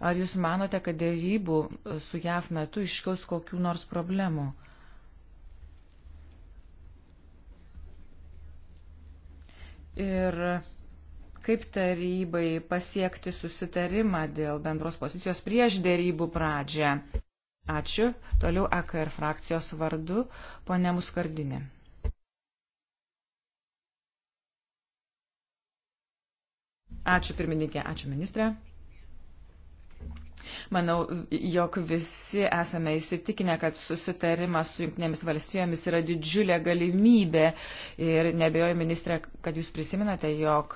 Ar jūs manote, kad dėrybų su JAV metu iškils kokių nors problemų? Ir kaip tarybai pasiekti susitarimą dėl bendros pozicijos prieš dėrybų pradžią. Ačiū. Toliau AKR frakcijos vardu, ponė Muskardinė. Ačiū pirmininkė, ačiū ministrė. Manau, jog visi esame įsitikinę, kad susitarimas su jungtinėmis valstijomis yra didžiulė galimybė ir nebejoju, ministrė, kad jūs prisiminate, jog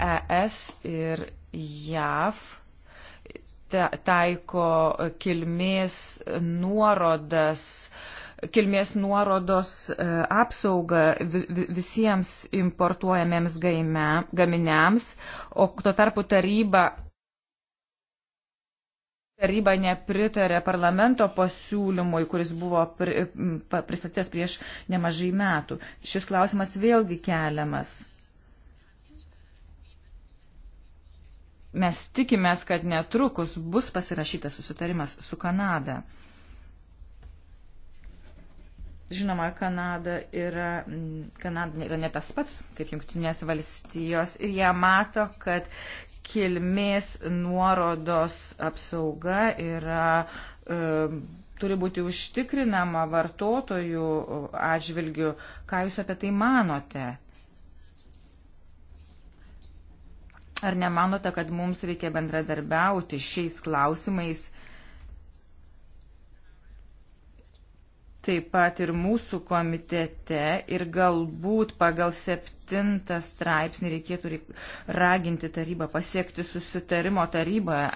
ES ir JAV taiko kilmės nuorodas, kilmės nuorodos e, apsaugą visiems importuojamiems gaminiams, o tuo tarpu taryba taryba nepritarė parlamento pasiūlymui, kuris buvo pristatytas prieš nemažai metų. Šis klausimas vėlgi keliamas. mes tikimės, kad netrukus bus pasirašytas susitarimas su Kanada. Žinoma, Kanada yra, Kanada yra ne tas pats kaip Junktinės valstijos ir jie mato, kad kilmės nuorodos apsauga yra, e, turi būti užtikrinama vartotojų atžvilgių. Ką Jūs apie tai manote? Ar nemanote, kad mums reikia bendradarbiauti šiais klausimais? taip pat ir mūsų komitete ir galbūt pagal septintą straipsnį reikėtų raginti tarybą pasiekti susitarimo taryboje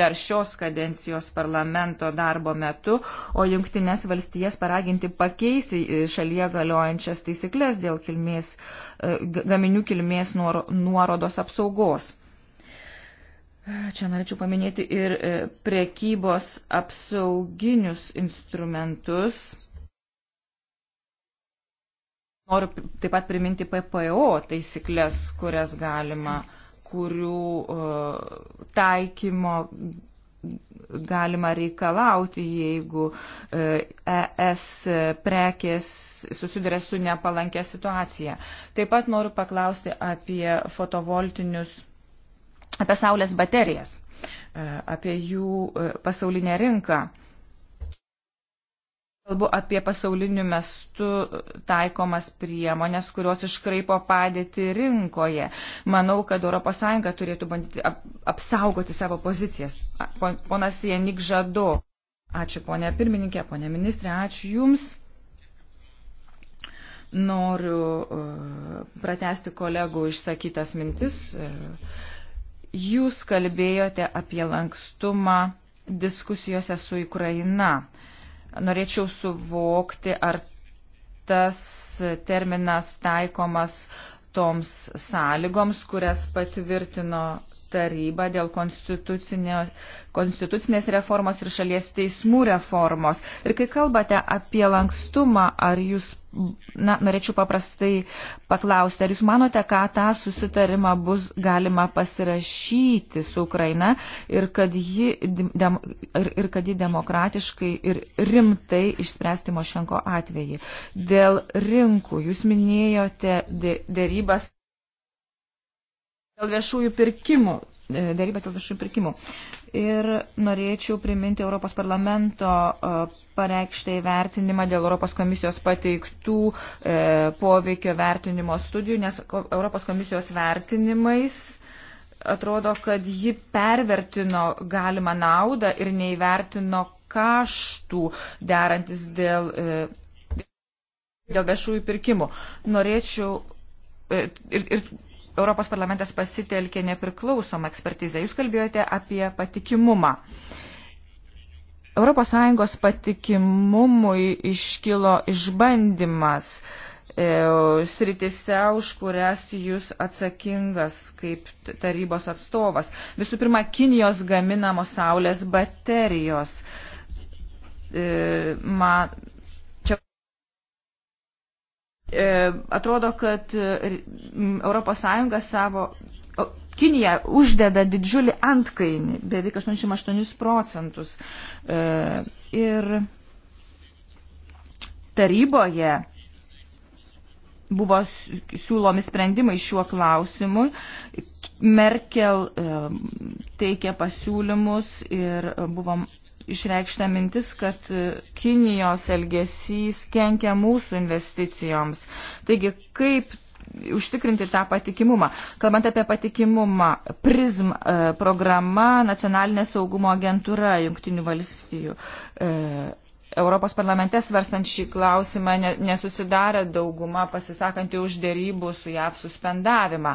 dar šios kadencijos parlamento darbo metu, o jungtinės valstijas paraginti pakeisti šalyje galiojančias taisyklės dėl kilmės, e, gaminių kilmės nuorodos apsaugos. Čia norėčiau paminėti ir e, prekybos apsauginius instrumentus. Noriu taip pat priminti PPO taisyklės, kurias galima, kurių e, taikymo galima reikalauti, jeigu ES e prekės susiduria su nepalankia situacija. Taip pat noriu paklausti apie fotovoltinius apie saulės baterijas, e, apie jų e, pasaulinę rinką. Kalbu apie pasauliniu mestu taikomas priemonės, kurios iškraipo padėti rinkoje. Manau, kad ES turėtų bandyti apsaugoti savo pozicijas. Ponas Janik Žado. Ačiū, ponė pirmininkė, ponė ministrė, ačiū Jums noriu e, pratesti kolegų išsakytas mintis Jūs kalbėjote apie lankstumą diskusijose su Ukraina. Norėčiau suvokti, ar tas terminas taikomas toms sąlygoms, kurias patvirtino taryba dėl konstitucinės reformos ir šalies teismų reformos. Ir kai kalbate apie lankstumą, ar jūs, na, norėčiau paprastai paklausti, ar jūs manote, ką tą susitarimą bus galima pasirašyti su Ukraina ir kad ji, dem, ir, ir kad ji demokratiškai ir rimtai išspręsti Mošenko atvejį. Dėl rinkų jūs minėjote dėrybas. De, dėl viešųjų pirkimų. E, Dėrybės dėl viešųjų pirkimų. Ir norėčiau priminti Europos parlamento e, pareikštą įvertinimą dėl Europos komisijos pateiktų e, poveikio vertinimo studijų, nes Europos komisijos vertinimais atrodo, kad ji pervertino galimą naudą ir neįvertino kaštų derantis dėl, dėl viešųjų pirkimų. Norėčiau ir, ir Europos parlamentas pasitelkė nepriklausomą ekspertizę. Jūs kalbėjote apie patikimumą. Europos Sąjungos patikimumui iškilo išbandymas e, sritise, už kurias jūs atsakingas kaip tarybos atstovas. Visų pirma, Kinijos gaminamos saulės baterijos. E, man, E, atrodo, kad ES savo Kinija uždeda didžiulį antkainį, beveik 88 procentus. E, ir taryboje buvo siūlomi sprendimai šiuo klausimu. Merkel e, teikė pasiūlymus ir buvo išreikšta mintis, kad e, Kinijos elgesys kenkia mūsų investicijoms. Taigi, kaip užtikrinti tą patikimumą. Kalbant apie patikimumą, PRISM e, programa, nacionalinė saugumo agentūra Junktinių valstijų. E, Europos parlamente svarstant šį klausimą nesusidarė dauguma pasisakanti už dėrybų su JAV suspendavimą.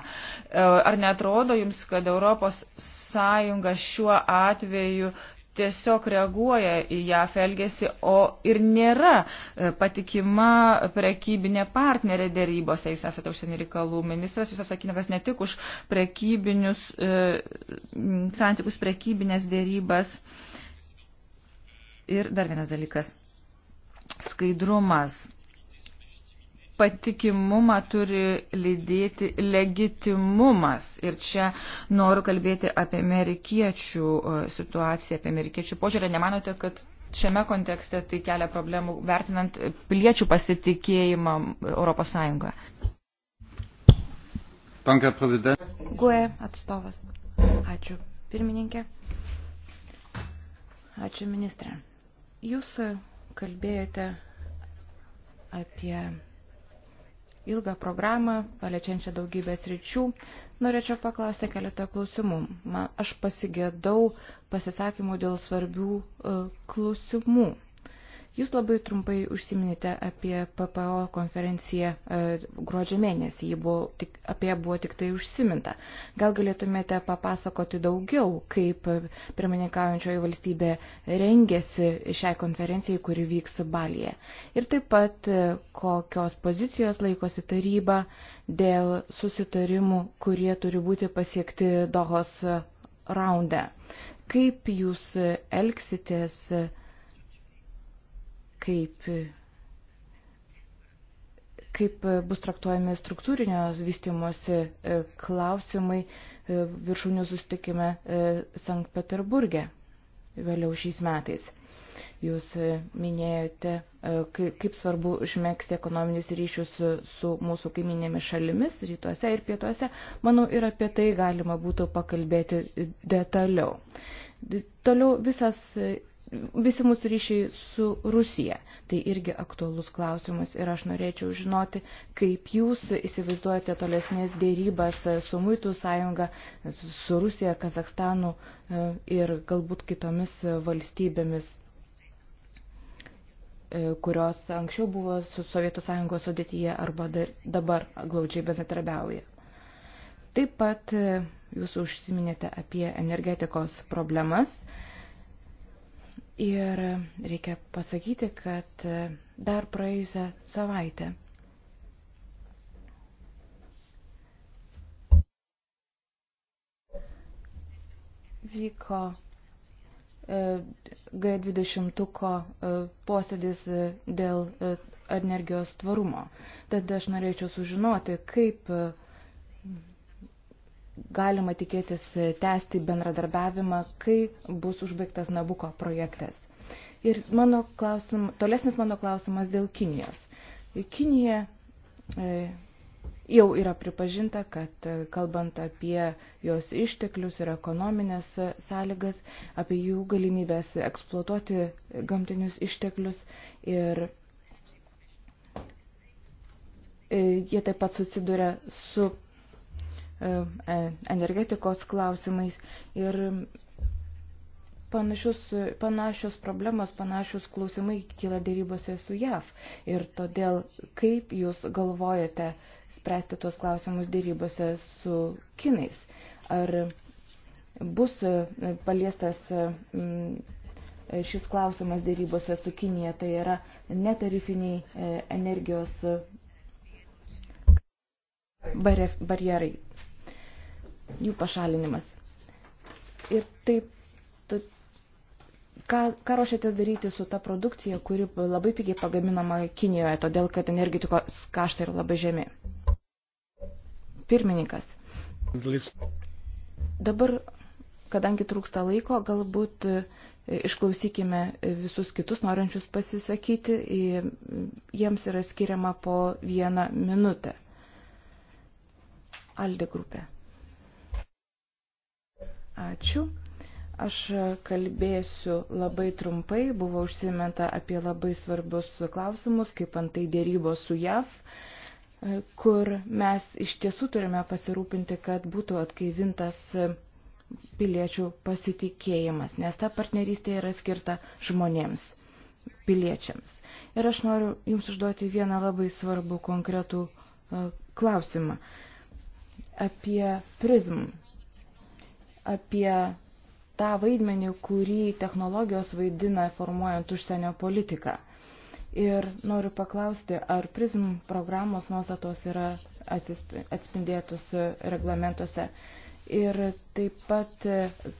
Ar netrodo jums, kad Europos Sąjunga šiuo atveju tiesiog reaguoja į JAF elgesį, o ir nėra e, patikima prekybinė partnerė dėrybose. Jūs esate užsienio reikalų ministras, jūs atsakingas ne tik už prekybinius e, santykius, prekybinės dėrybas. Ir dar vienas dalykas - skaidrumas patikimumą turi lydėti legitimumas. Ir čia noriu kalbėti apie amerikiečių e, situaciją, apie amerikiečių požiūrį. Nemanote, kad šiame kontekste tai kelia problemų vertinant piliečių pasitikėjimą Europos Sąjungoje? Panka prezidentas. Gue atstovas. Ačiū. Pirmininkė. Ačiū ministrė. Jūs kalbėjote apie ilgą programą, paliečiančią daugybės ryčių, norėčiau paklausti keletą klausimų. Man, aš pasigėdau pasisakymų dėl svarbių uh, klausimų. Jūs labai trumpai užsiminėte apie PPO konferenciją e, gruodžio mėnesį, ji buvo tik, apie buvo tik tai užsiminta. Gal galėtumėte papasakoti daugiau, kaip pirmininkaujančioji valstybė rengėsi šiai konferencijai, kuri vyks Balyje. Ir taip pat, e, kokios pozicijos laikosi taryba dėl susitarimų, kurie turi būti pasiekti Dohos raunde. Kaip jūs elgsitės? kaip, kaip bus traktuojami struktūrinio vystimosi e, klausimai e, viršūnių sustikime e, Sankt Peterburgė vėliau šiais metais. Jūs minėjote, kaip svarbu išmėgsti ekonominius ryšius su, su mūsų kaiminėmis šalimis, rytuose ir pietuose. Manau, ir apie tai galima būtų pakalbėti detaliau. Toliau visas visi mūsų ryšiai su Rusija. Tai irgi aktualus klausimas ir aš norėčiau žinoti, kaip jūs įsivaizduojate tolesnės dėrybas su Muitų sąjunga, su Rusija, Kazakstanu e, ir galbūt kitomis valstybėmis e, kurios anksčiau buvo su Sovietų sąjungos sudėtyje arba dar, dabar glaudžiai bendradarbiauja. Taip pat e, jūs užsiminėte apie energetikos problemas. Ir reikia pasakyti, kad dar praėjusią savaitę vyko e, G20 e, posėdis e, dėl energijos tvarumo. Tad aš norėčiau sužinoti, kaip galima tikėtis tęsti bendradarbiavimą, kai bus užbaigtas Nabuko projektas. Ir mano klausim, tolesnis mano klausimas dėl Kinijos. Kinija e, jau yra pripažinta, kad e, kalbant apie jos išteklius ir ekonominės sąlygas, apie jų galimybės eksploatuoti gamtinius išteklius ir e, jie taip pat susiduria su E, e, energetikos klausimais ir panašius, panašios problemos, panašius klausimai kyla dėrybose su JAV. Ir todėl, kaip jūs galvojate spręsti tuos klausimus dėrybose su kinais? Ar bus e, paliestas šis klausimas dėrybose su Kinija, tai yra netarifiniai energijos barjerai? jų pašalinimas. Ir taip, tu, ką, ką ruošiatės daryti su ta produkcija, kuri labai pigiai pagaminama Kinijoje, todėl kad energetikos kaštai yra labai žemi? Pirmininkas. Dabar, kadangi trūksta laiko, galbūt e, išklausykime visus kitus norinčius pasisakyti, e, jiems yra skiriama po vieną minutę. Alde grupė. Ačiū. Aš kalbėsiu labai trumpai. Buvo užsiminta apie labai svarbius klausimus, kaip antai dėrybos su JAV, kur mes iš tiesų turime pasirūpinti, kad būtų atgaivintas piliečių pasitikėjimas, nes ta partnerystė yra skirta žmonėms, piliečiams. Ir aš noriu Jums užduoti vieną labai svarbų konkretų e, klausimą apie prizm apie tą vaidmenį, kurį technologijos vaidina formuojant užsienio politiką. Ir noriu paklausti, ar PRISM programos nuostatos yra atspindėtos reglamentuose. Ir taip pat,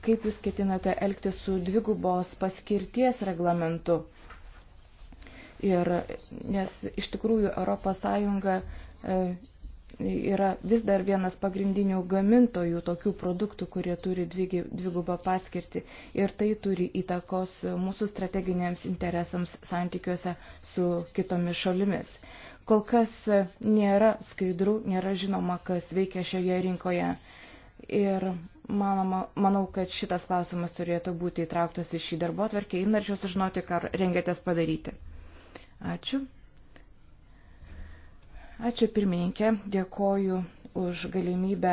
kaip jūs ketinate elgti su dvigubos paskirties reglamentu. Ir, nes iš tikrųjų ES yra vis dar vienas pagrindinių gamintojų tokių produktų, kurie turi dvigubą paskirtį ir tai turi įtakos mūsų strateginiams interesams santykiuose su kitomis šalimis. Kol kas nėra skaidru, nėra žinoma, kas veikia šioje rinkoje. Ir manoma, manau, kad šitas klausimas turėtų būti įtrauktas į šį darbo atverkį ir norėčiau sužinoti, ką rengiatės padaryti. Ačiū. Ačiū pirmininkė, dėkoju už galimybę,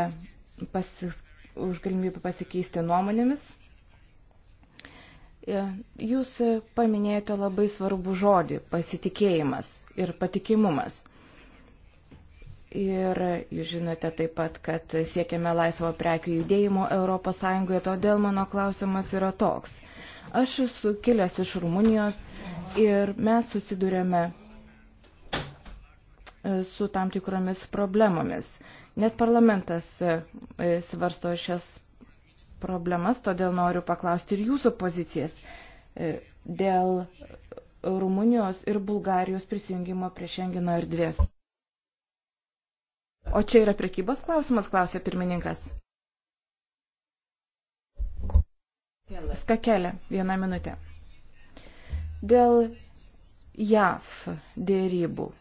pasis, už galimybę pasikeisti nuomonėmis. E, jūs paminėjote labai svarbų žodį - pasitikėjimas ir patikimumas. Ir jūs žinote taip pat, kad siekiame laisvo prekių judėjimo ES, todėl mano klausimas yra toks. Aš esu kilęs iš Rumunijos ir mes susidurėme E, su tam tikromis problemomis. Net parlamentas e, e, svarsto šias problemas, todėl noriu paklausti ir jūsų pozicijas dėl Rumunijos ir Bulgarijos prisijungimo prie Šengino erdvės. O čia yra prekybos klausimas, klausė pirmininkas. Skakelė, vieną minutę. Dėl JAV dėrybų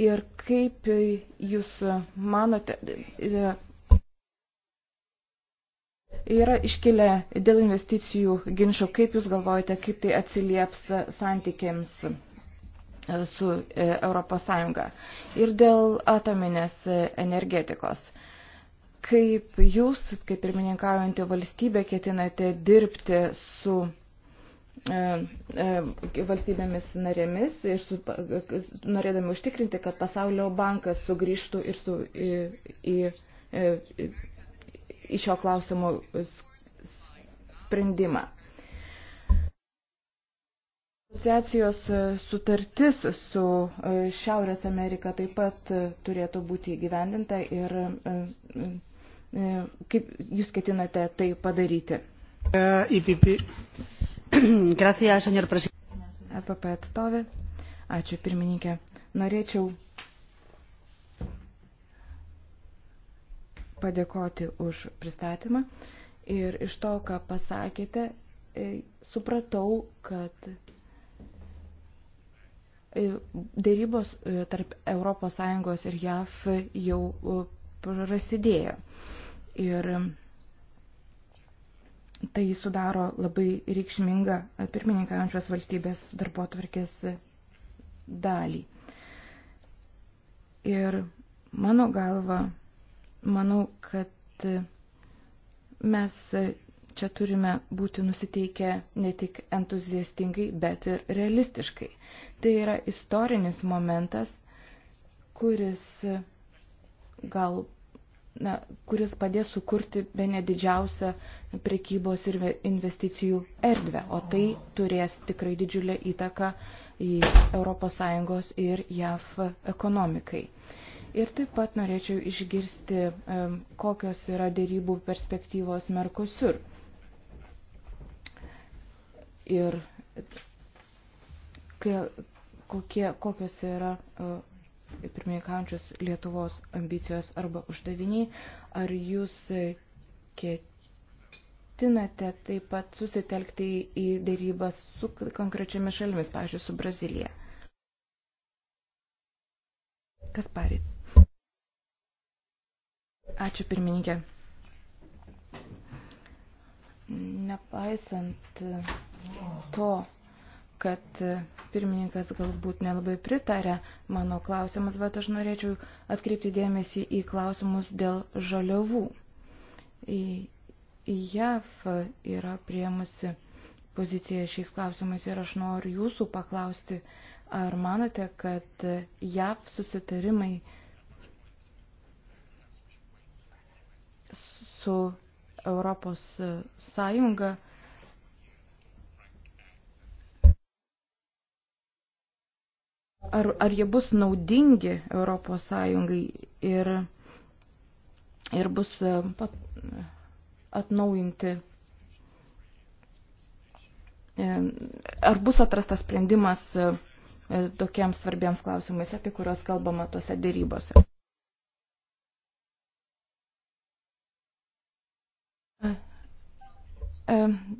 Ir kaip jūs manote, yra iškilę dėl investicijų ginčio, kaip jūs galvojate, kaip tai atsilieps santykiams su ES ir dėl atominės energetikos. Kaip jūs, kaip pirmininkaujantį valstybę, ketinate dirbti su E, e, valstybėmis narėmis ir su, norėdami užtikrinti, kad pasaulio bankas sugrįžtų ir su, į, į, e, į šio klausimo sprendimą. Asociacijos sutartis su Šiaurės Amerika taip pat turėtų būti įgyvendinta ir kaip jūs ketinate tai padaryti? EPP. Gracias, señor presidente. EPP atstovė. Ačiū, pirmininkė. Norėčiau padėkoti už pristatymą. Ir iš to, ką pasakėte, e, supratau, kad e, dėrybos e, tarp ES ir JAF jau prasidėjo. Ir tai sudaro labai reikšmingą pirmininkaujančios valstybės darbo atvarkės dalį. Ir mano galva, manau, kad mes čia turime būti nusiteikę ne tik entuziastingai, bet ir realistiškai. Tai yra istorinis momentas, kuris gal na, kuris padės sukurti be nedidžiausią prekybos ir investicijų erdvę, o tai turės tikrai didžiulę įtaką į ES ir JAV ekonomikai. Ir taip pat norėčiau išgirsti, kokios yra dėrybų perspektyvos Merkosur. Ir kokie, kokios yra e, pirmininkaujančios Lietuvos ambicijos arba uždaviniai, ar jūs ketinate taip pat susitelkti į dėrybas su konkrečiamis šalimis, pavyzdžiui, su Brazilija? Kas parit? Ačiū pirmininkė. Nepaisant to, kad e, pirmininkas galbūt nelabai pritarė mano klausimus, bet aš norėčiau atkreipti dėmesį į klausimus dėl žaliavų. Į JAV yra priemusi poziciją šiais klausimais ir aš noriu jūsų paklausti, ar manote, kad e, JAV susitarimai su Europos Sąjunga ar, ar jie bus naudingi ES ir, ir bus e, pat, atnaujinti, e, ar bus atrastas sprendimas e, tokiems svarbiems klausimais, apie kuriuos kalbama tose dėrybose.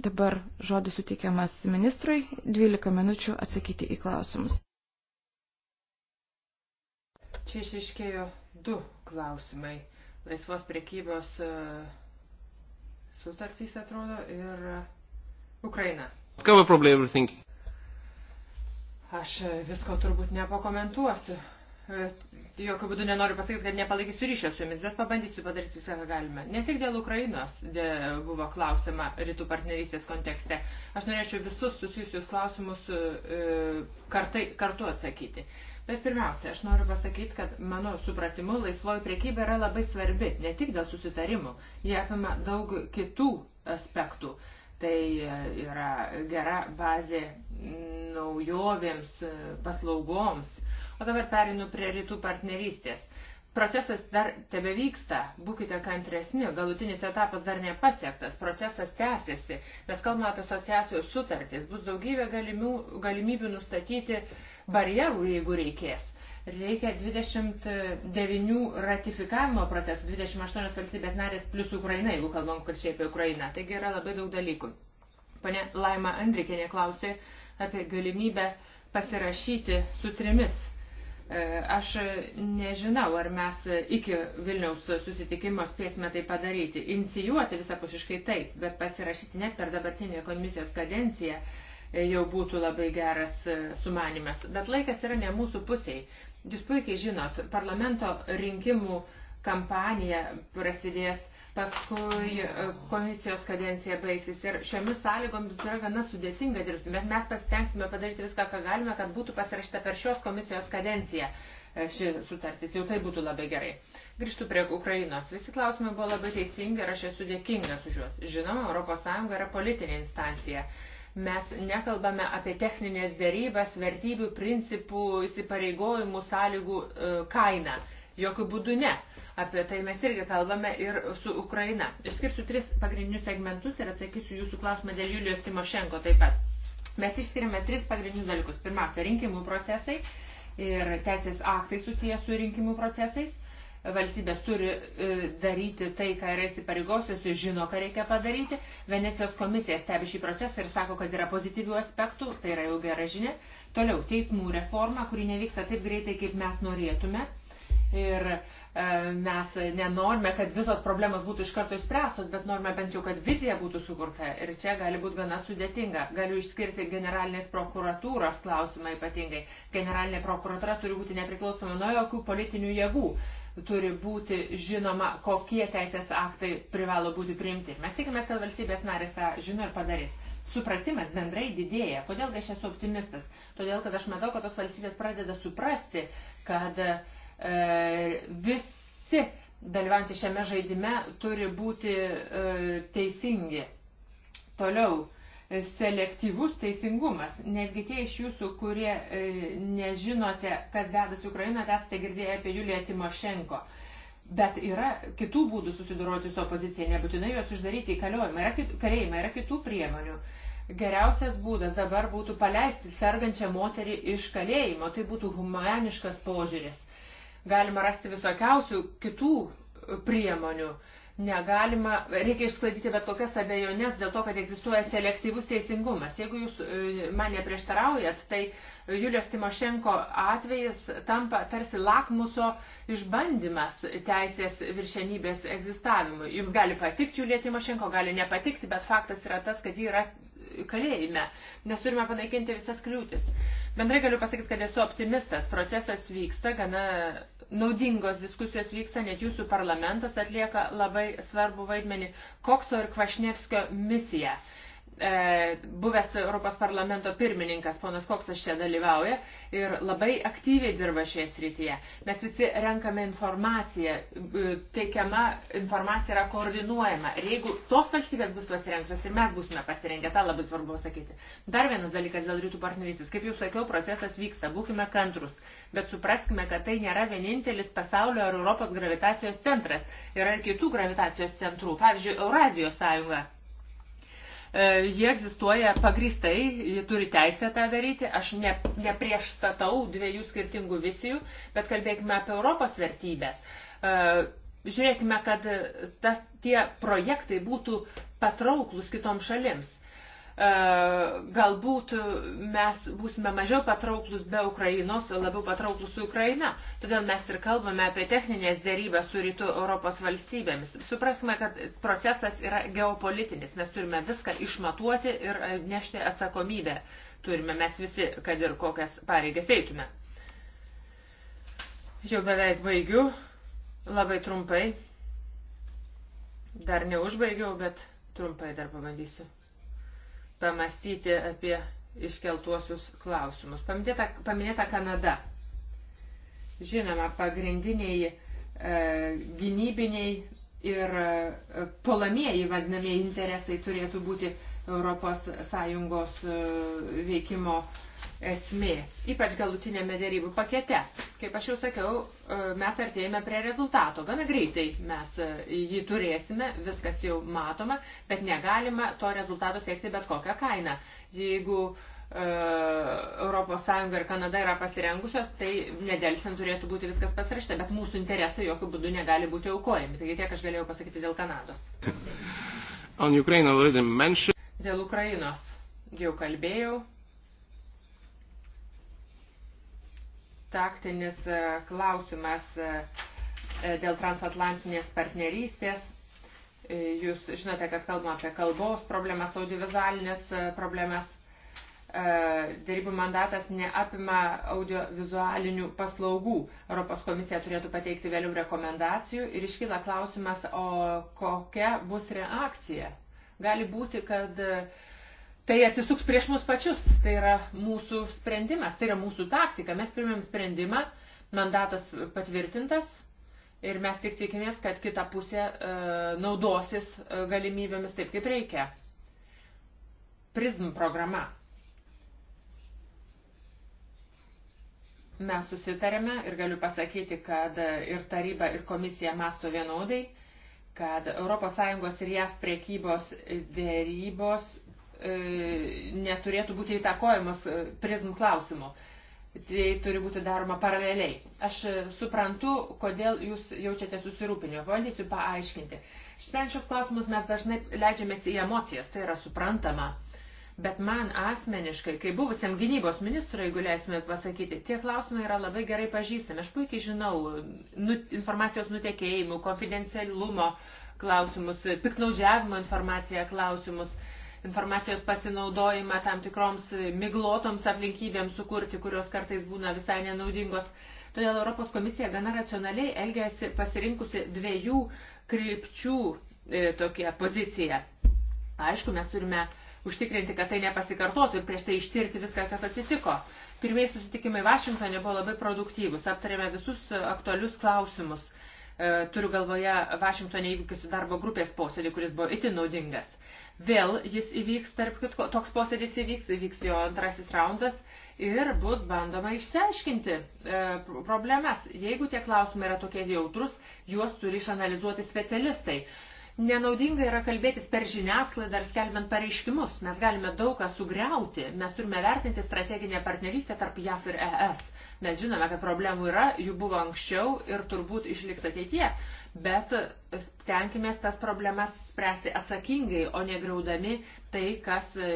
Dabar žodis suteikiamas ministrui 12 minučių atsakyti į klausimus. Čia išiškėjo du klausimai. Laisvos priekybos e, sutartys atrodo ir e, Ukraina. Ką problemų thinking? Aš e, visko turbūt nepakomentuosiu jokių būdų nenoriu pasakyti, kad nepalaikysiu ryšio su jumis, bet pabandysiu padaryti viską, ką galime. Ne tik dėl Ukrainos dė, buvo klausima rytų partnerystės kontekste. Aš norėčiau visus susijusius klausimus e, kartai, kartu atsakyti. Bet pirmiausia, aš noriu pasakyti, kad mano supratimu laisvoji priekyba yra labai svarbi, ne tik dėl susitarimų, jie apima daug kitų aspektų. E, Tai yra gera bazė naujovėms, paslaugoms. O dabar perinu prie rytų partnerystės. Procesas dar tebe vyksta, būkite kantresni, galutinis etapas dar nepasiektas, procesas tęsiasi, mes kalbame apie asociacijos sutartys, bus daugybė galimių, galimybių nustatyti barjerų, jeigu reikės reikia 29 ratifikavimo procesų, 28 valstybės narės plus Ukraina, jeigu kalbam karčiai apie Ukrainą. Taigi yra labai daug dalykų. Pane Laima Andrikinė klausė apie galimybę pasirašyti su trimis. E, aš nežinau, ar mes iki Vilniaus susitikimo spėsime tai padaryti. Inicijuoti visapusiškai taip, bet pasirašyti net per dabartinę komisijos kadenciją e, jau būtų labai geras e, sumanimas. Bet laikas yra ne mūsų pusiai. Jūs puikiai žinot, parlamento rinkimų kampanija prasidės, paskui e, komisijos kadencija baigsis ir šiomis sąlygomis yra gana sudėtinga dirbti, bet mes pasitengsime padaryti viską, ką galime, kad būtų pasirašyta per šios komisijos kadenciją e, ši sutartis. Jau tai būtų labai gerai. Grįžtu prie Ukrainos. Visi klausimai buvo labai teisingi ir aš esu dėkingas už juos. Žinoma, ES yra politinė instancija. Mes nekalbame apie techninės dėrybas, vertybių, principų, įsipareigojimų, sąlygų e, kainą. Jokių būdų ne. Apie tai mes irgi kalbame ir su Ukraina. Išskirsiu tris pagrindinius segmentus ir atsakysiu jūsų klausimą dėl Julijos Timošenko taip pat. Mes išskiriame tris pagrindinius dalykus. Pirmiausia, rinkimų procesai ir teisės aktai susijęs su rinkimų procesais valstybės turi e, daryti tai, ką yra įsipareigosios, žino, ką reikia padaryti. Venecijos komisija stebi šį procesą ir sako, kad yra pozityvių aspektų, tai yra jau gera žinia. Toliau, teismų reforma, kuri nevyksta taip greitai, kaip mes norėtume. Ir e, mes nenorime, kad visos problemos būtų iš karto išspręstos, bet norime bent jau, kad vizija būtų sukurta. Ir čia gali būti gana sudėtinga. Galiu išskirti generalinės prokuratūros klausimą ypatingai. Generalinė prokuratūra turi būti nepriklausoma nuo jokių politinių jėgų turi būti žinoma, kokie teisės aktai privalo būti priimti. Mes tikimės, kad valstybės narės tą žino ir padarys. Supratimas bendrai didėja. Kodėl aš esu optimistas? Todėl, kad aš matau, kad tos valstybės pradeda suprasti, kad e, visi dalyvantys šiame žaidime turi būti e, teisingi. Toliau. E, selektyvus teisingumas. Netgi tie iš jūsų, kurie e, nežinote, kas dedasi Ukrainoje, esate girdėję apie Juliją Timošenko. Bet yra kitų būdų susidoroti su opozicija, nebūtinai juos uždaryti į kaliojimą, yra kalėjimą, yra kitų priemonių. Geriausias būdas dabar būtų paleisti sergančią moterį iš kalėjimo, tai būtų humaniškas požiūris. Galima rasti visokiausių kitų e, priemonių. Uh, Negalima, reikia išsklaidyti bet kokias abejonės dėl to, kad egzistuoja selektyvus teisingumas. Jeigu jūs e, mane prieštaraujat, tai Julijos Timošenko atvejis tampa tarsi lakmuso išbandymas teisės viršenybės egzistavimui. Jums gali patikti Julija Timošenko, gali nepatikti, bet faktas yra tas, kad ji yra kalėjime, nes turime panaikinti visas kliūtis. Bendrai galiu pasakyti, kad esu optimistas, procesas vyksta gana naudingos diskusijos vyksta, net jūsų parlamentas atlieka labai svarbu vaidmenį. Kokso ir Kvašnevskio misija e, buvęs Europos parlamento pirmininkas, ponas Koksas čia dalyvauja ir labai aktyviai dirba šioje srityje. Mes visi renkame informaciją, e, teikiama informacija yra koordinuojama. Ir jeigu tos valstybės bus pasirenktos ir mes būsime pasirengę, tą labai svarbu sakyti. Dar vienas dalykas dėl rytų partnerystės. Kaip jau sakiau, procesas vyksta, būkime kantrus. Bet supraskime, kad tai nėra vienintelis pasaulio ar Europos gravitacijos centras. Yra ir kitų gravitacijos centrų, pavyzdžiui, Eurazijos sąjunga E, jie egzistuoja pagristai, jie turi teisę tą daryti. Aš ne, nepriešstatau dviejų skirtingų visijų, bet kalbėkime apie Europos vertybės. E, žiūrėkime, kad tas, tie projektai būtų patrauklus kitoms šalims. E, galbūt mes būsime mažiau patrauklus be Ukrainos, labiau patrauklus su Ukraina. Todėl mes ir kalbame apie techninės dėrybės su rytų Europos valstybėmis. Suprasime, kad procesas yra geopolitinis. Mes turime viską išmatuoti ir nešti atsakomybę. Turime mes visi, kad ir kokias pareigas eitume. Jau beveik baigiu. Labai trumpai. Dar neužbaigiau, bet trumpai dar pabandysiu pamastyti apie iškeltuosius klausimus. Paminėta, paminėta Kanada. Žinoma, pagrindiniai e, gynybiniai ir e, polamieji vadinamieji interesai turėtų būti ES e, veikimo e, esmė, ypač galutinėme dėrybų pakete. Kaip aš jau sakiau, e, mes artėjame prie rezultato. Gana greitai mes e, jį turėsime, viskas jau matoma, bet negalima to rezultato siekti bet kokią kainą. Jeigu uh, e, ES ir Kanada yra pasirengusios, tai nedelsiant turėtų būti viskas pasirašyta, bet mūsų interesai jokių būdų negali būti aukojami. Taigi tiek aš galėjau pasakyti dėl Kanados. Dėl Ukrainos jau kalbėjau taktinis e, klausimas e, e, dėl transatlantinės partnerystės. Jūs žinote, kad kalbame apie kalbos problemas, audiovizualinės problemas. Dėrybų mandatas neapima audiovizualinių paslaugų. Europos komisija turėtų pateikti vėliau rekomendacijų ir iškyla klausimas, o kokia bus reakcija. Gali būti, kad uh, tai atsisuks prieš mus pačius. Tai yra mūsų sprendimas, tai yra mūsų taktika. Mes primėm sprendimą, mandatas patvirtintas ir mes tik tikimės, kad kita pusė e, naudosis e, galimybėmis taip, kaip reikia. Prism programa. Mes susitarėme ir galiu pasakyti, kad e, ir taryba, ir komisija masto vienodai, kad ES ir JAV priekybos e, dėrybos E, neturėtų būti įtakojamos e, prizm klausimų. Tai turi būti daroma paraleliai. Aš e, suprantu, kodėl jūs jaučiate susirūpinimą. Bandysiu paaiškinti. Sprendžius klausimus mes dažnai leidžiamės į emocijas, tai yra suprantama. Bet man asmeniškai, kai buvusiam gynybos ministrui, jeigu leisime pasakyti, tie klausimai yra labai gerai pažįstami. Aš puikiai žinau nu, informacijos nutekėjimų, konfidencialumo klausimus, piknaudžiavimo informaciją klausimus informacijos pasinaudojimą tam tikroms miglotoms aplinkybėms sukurti, kurios kartais būna visai nenaudingos. Todėl Europos komisija gana racionaliai elgėsi pasirinkusi dviejų krypčių e, tokią poziciją. Aišku, mes turime užtikrinti, kad tai nepasikartotų ir prieš tai ištirti viską, kas atsitiko. Pirmieji susitikimai Vašingtonė buvo labai produktyvus, aptarėme visus aktualius klausimus. E, turiu galvoje Vašingtonė įvykiusių darbo grupės posėdį, kuris buvo itin naudingas. Vėl jis įvyks, tarp kitko, toks posėdis įvyks, įvyks jo antrasis raundas ir bus bandoma išsiaiškinti e, problemas. Jeigu tie klausimai yra tokie jautrus, juos turi išanalizuoti specialistai. Nenaudinga yra kalbėtis per žiniasklaidą ar skelbiant pareiškimus. Mes galime daug ką sugriauti. Mes turime vertinti strateginę partnerystę tarp JAF ir ES. Mes žinome, kad problemų yra, jų buvo anksčiau ir turbūt išliks ateityje bet tenkimės tas problemas spręsti atsakingai, o negriaudami tai, kas e,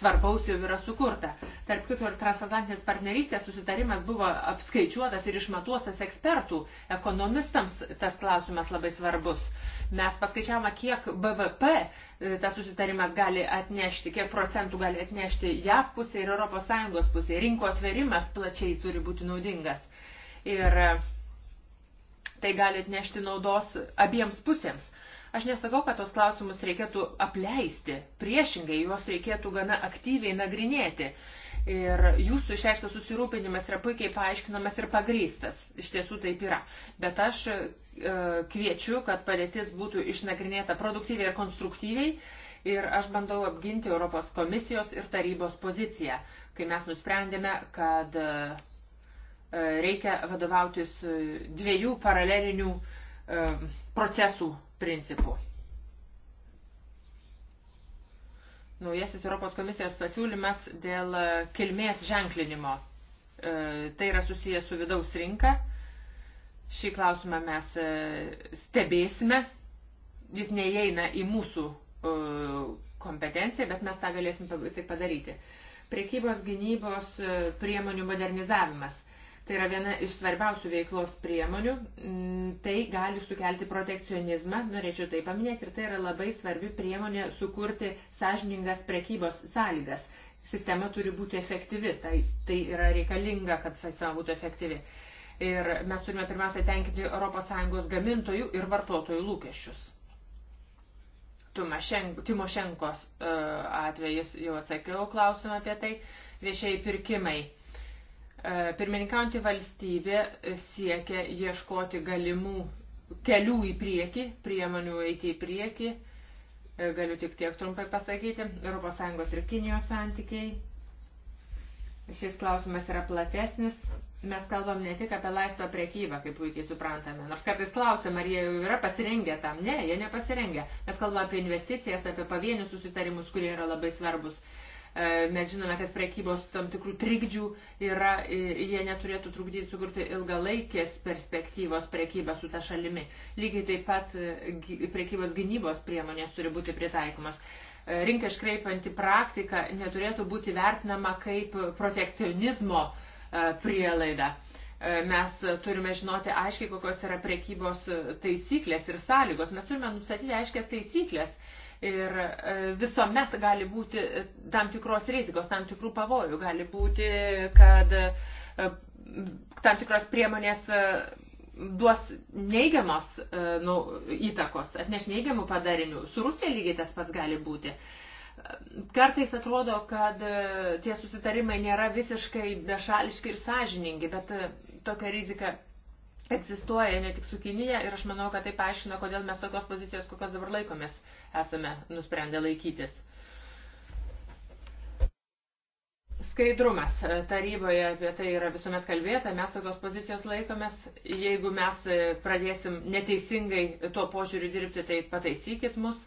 svarbaus jau yra sukurta. Tarp kitų ir transatlantinės partnerystės susitarimas buvo apskaičiuotas ir išmatuotas ekspertų. Ekonomistams tas klausimas labai svarbus. Mes paskaičiavome, kiek BVP e, tas susitarimas gali atnešti, kiek procentų gali atnešti JAV pusė ir ES pusė. Rinko atverimas plačiai turi būti naudingas. Ir e, Tai gali atnešti naudos abiems pusėms. Aš nesakau, kad tos klausimus reikėtų apleisti, priešingai juos reikėtų gana aktyviai nagrinėti. Ir jūsų išreikštas susirūpinimas yra puikiai paaiškinamas ir pagrystas. Iš tiesų taip yra. Bet aš e, kviečiu, kad padėtis būtų išnagrinėta produktyviai ir konstruktyviai. Ir aš bandau apginti Europos komisijos ir tarybos poziciją, kai mes nusprendėme, kad e, E, reikia vadovautis e, dviejų paralelinių e, procesų principų. Naujasis Europos komisijos pasiūlymas dėl kilmės ženklinimo. Tai yra susijęs su vidaus rinka. Šį klausimą mes stebėsime. Jis neįeina į mūsų kompetenciją, bet mes tą galėsim tai padaryti. Prekybos gynybos priemonių modernizavimas Tai yra viena iš svarbiausių veiklos priemonių. Mm, tai gali sukelti protekcionizmą, norėčiau tai paminėti, ir tai yra labai svarbi priemonė sukurti sąžiningas prekybos sąlygas. Sistema turi būti efektyvi, tai, tai yra reikalinga, kad sistema būtų efektyvi. Ir mes turime pirmiausia tenkinti ES gamintojų ir vartotojų lūkesčius. Timošenkos e, atvejais jau atsakiau klausimą apie tai. Viešiai pirkimai E, Pirmininkaujantį valstybė siekia ieškoti galimų kelių į priekį, priemonių eiti į priekį. E, galiu tik tiek trumpai pasakyti. ES ir Kinijos santykiai. Šis klausimas yra platesnis. Mes kalbam ne tik apie laisvą priekybą, kaip puikiai suprantame. Nors kartais klausim, ar jie jau yra pasirengę tam. Ne, jie nepasirengę. Mes kalbam apie investicijas, apie pavienius susitarimus, kurie yra labai svarbus. E, mes žinome, kad prekybos tam tikrų trikdžių yra, jie neturėtų trukdyti sukurti ilgalaikės perspektyvos prekybą su ta šalimi. Lygiai taip pat e, prekybos gynybos priemonės turi būti pritaikomas e, rinką iškreipianti praktika neturėtų būti vertinama kaip protekcionizmo prielaida. Mes turime žinoti aiškiai, kokios yra prekybos taisyklės ir sąlygos. Mes turime nustatyti aiškias taisyklės Ir e, visuomet gali būti e, tam tikros rizikos, tam tikrų pavojų. Gali būti, kad e, tam tikros priemonės duos neigiamos nu, įtakos, atneš neigiamų padarinių. Su Rusija lygiai tas pats gali būti. Kartais atrodo, kad tie susitarimai nėra visiškai bešališki ir sąžiningi, bet tokia rizika egzistuoja ne tik su Kinija ir aš manau, kad tai paaiškina, kodėl mes tokios pozicijos, kokios dabar laikomės, esame nusprendę laikytis. Skaidrumas taryboje apie tai yra visuomet kalbėta, mes tokios pozicijos laikomės, jeigu mes pradėsim neteisingai tuo požiūriu dirbti, tai pataisykit mus.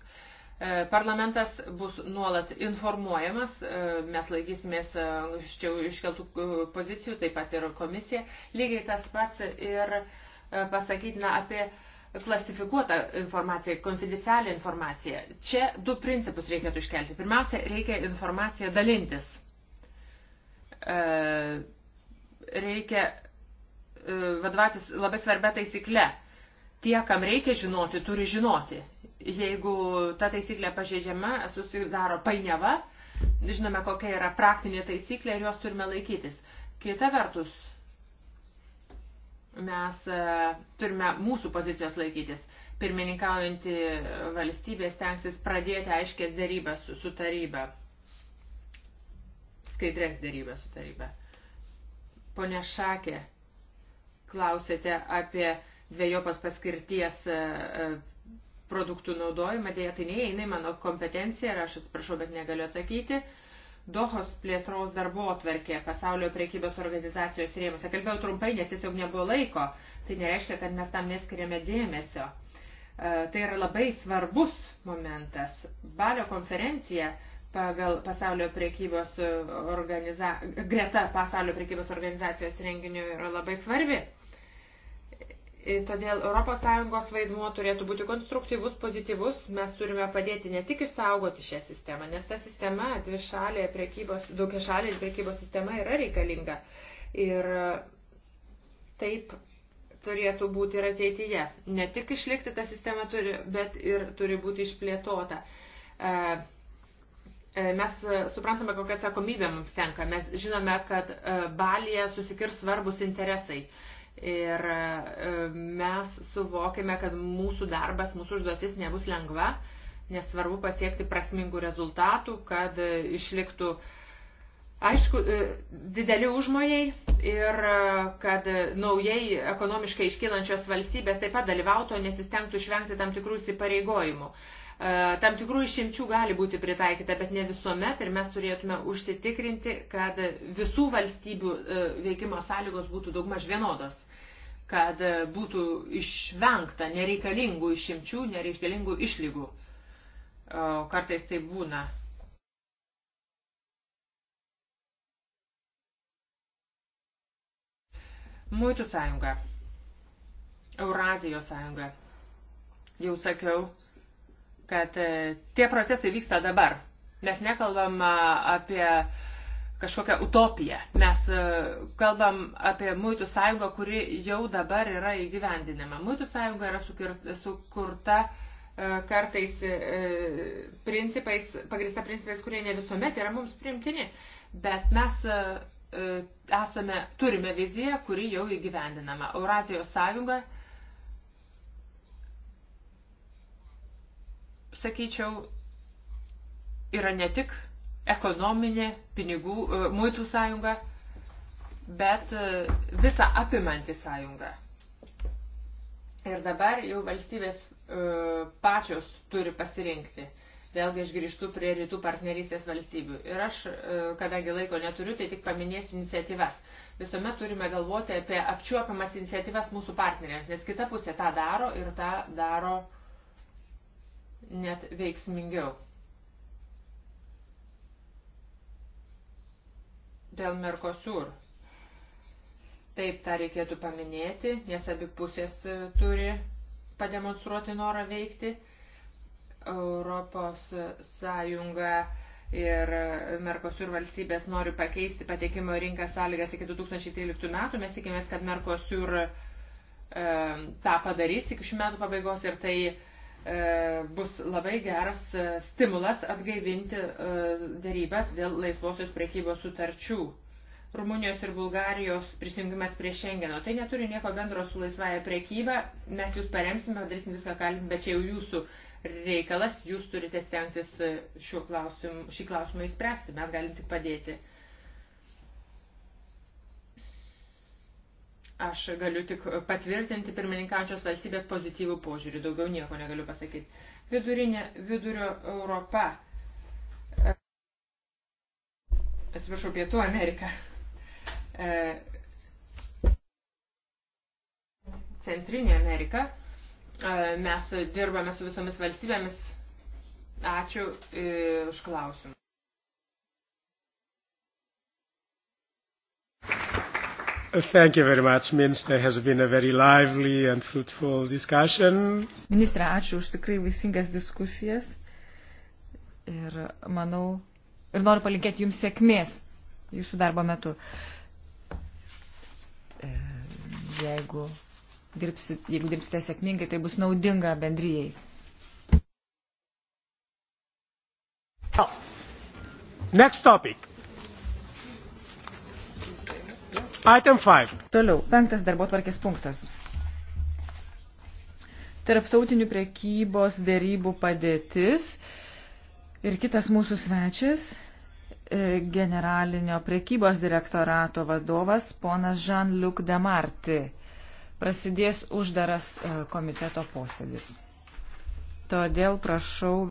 E, parlamentas bus nuolat informuojamas, e, mes laikysimės e, iškeltų pozicijų, taip pat ir komisija. Lygiai tas pats ir pasakytina apie klasifikuotą informaciją, konfidencialią informaciją. Čia du principus reikėtų iškelti. Pirmiausia, reikia informaciją dalintis. Reikia vadovautis labai svarbia taisykle. Tie, kam reikia žinoti, turi žinoti jeigu ta taisyklė pažeidžiama, susidaro painiava, žinome, kokia yra praktinė taisyklė ir jos turime laikytis. Kita vertus, mes e, turime mūsų pozicijos laikytis. Pirmininkaujantį valstybės tenksis pradėti aiškės dėrybas su, su taryba. Skaidrės dėrybas su taryba. Pone Šakė, klausėte apie dviejopas paskirties e, e, produktų naudojimą, dėja tai neįeina į mano kompetenciją ir aš atsiprašau, bet negaliu atsakyti. Dohos plėtros darbo atverkė pasaulio priekybos organizacijos rėmose. Kalbėjau trumpai, nes tiesiog nebuvo laiko. Tai nereiškia, kad mes tam neskiriame dėmesio. E, tai yra labai svarbus momentas. Balio konferencija pagal pasaulio priekybos organiza... greta pasaulio priekybos organizacijos renginio yra labai svarbi. Ir e, todėl ES vaidmuo turėtų būti konstruktyvus, pozityvus. Mes turime padėti ne tik išsaugoti šią sistemą, nes ta sistema, dvišalė priekybos, daugiašalė priekybos sistema yra reikalinga. Ir taip turėtų būti ir ateityje. Ne tik išlikti ta sistema turi, bet ir turi būti išplėtota. E, e, mes suprantame, kokią atsakomybę mums tenka. Mes žinome, kad Balėje susikirs svarbus interesai. Ir e, mes suvokime, kad mūsų darbas, mūsų užduotis nebus lengva, nes svarbu pasiekti prasmingų rezultatų, kad e, išliktų, aišku, e, dideli užmojai ir kad naujai ekonomiškai iškylančios valstybės taip pat dalyvautų, nesistengtų išvengti tam tikrų įsipareigojimų. Tam tikrų išimčių gali būti pritaikyta, bet ne visuomet ir mes turėtume užsitikrinti, kad visų valstybių veikimo sąlygos būtų daugmaž vienodos kad e, būtų išvengta nereikalingų išimčių, nereikalingų išlygų. Kartais tai būna. Muitų sąjunga. Eurazijos sąjunga. Jau sakiau, kad e, tie procesai vyksta dabar. Mes nekalbam apie uh, kažkokią utopiją. Mes e, kalbam apie muitų sąjungą, kuri jau dabar yra įgyvendinama. Muitų sąjunga yra sukurta e, kartais e, principais, pagrįsta principais, kurie ne visuomet yra mums primtini. Bet mes esame, turime viziją, kuri jau įgyvendinama. Eurazijos sąjunga, sakyčiau, yra ne tik ekonominė, pinigų, e, muitų sąjunga, bet e, visą apimanti sąjunga. Ir dabar jau valstybės e, pačios turi pasirinkti. Vėlgi aš grįžtu prie rytų partnerystės valstybių. Ir aš, kadangi laiko neturiu, tai tik paminėsiu iniciatyvas. Visuomet turime galvoti apie apčiuopiamas iniciatyvas mūsų partneriams, nes kita pusė tą daro ir tą daro net veiksmingiau. Dėl Mercosur. Taip, tą reikėtų paminėti, nes abi pusės e, turi pademonstruoti norą veikti. Europos Sąjunga ir Mercosur valstybės nori pakeisti patekimo rinką sąlygas iki 2013 metų. Mes tikimės, kad Mercosur e, tą padarys iki šių metų pabaigos ir tai e, E, bus labai geras e, stimulas atgaivinti e, dėrybas dėl laisvosios priekybos sutarčių. Rumunijos ir Bulgarijos prisijungimas prie Šengeno. Tai neturi nieko bendro su laisvąją priekybą. Mes jūs paremsime, darysim viską galim, bet čia jau jūsų reikalas, jūs turite stengtis klausim, šį klausimą įspręsti, mes galim tik padėti. Uh, Aš galiu tik patvirtinti pirmininkančios valstybės pozityvų požiūrį, daugiau nieko negaliu pasakyti. Vidurinė, vidurio Europa. Atsiprašau, Pietų Amerika. E, Centrinė Amerika. E, mes dirbame su visomis valstybėmis. Ačiū e, už klausimą. Uh, thank you very much, Minister. Has been a very lively and fruitful discussion. Ministre, ačiū už tikrai vaisingas diskusijas. Ir manau, ir noriu palinkėti jums sėkmės jūsų darbo metu. E, jeigu, dirbsit, jeigu dirbsite sėkmingai, tai bus naudinga bendryjei. Next topic. Toliau, penktas darbo tvarkės punktas. Tarptautinių prekybos dėrybų padėtis ir kitas mūsų svečias, e, generalinio prekybos direktorato vadovas ponas Jean-Luc Demarti. Prasidės uždaras e, komiteto posėdis. Todėl prašau.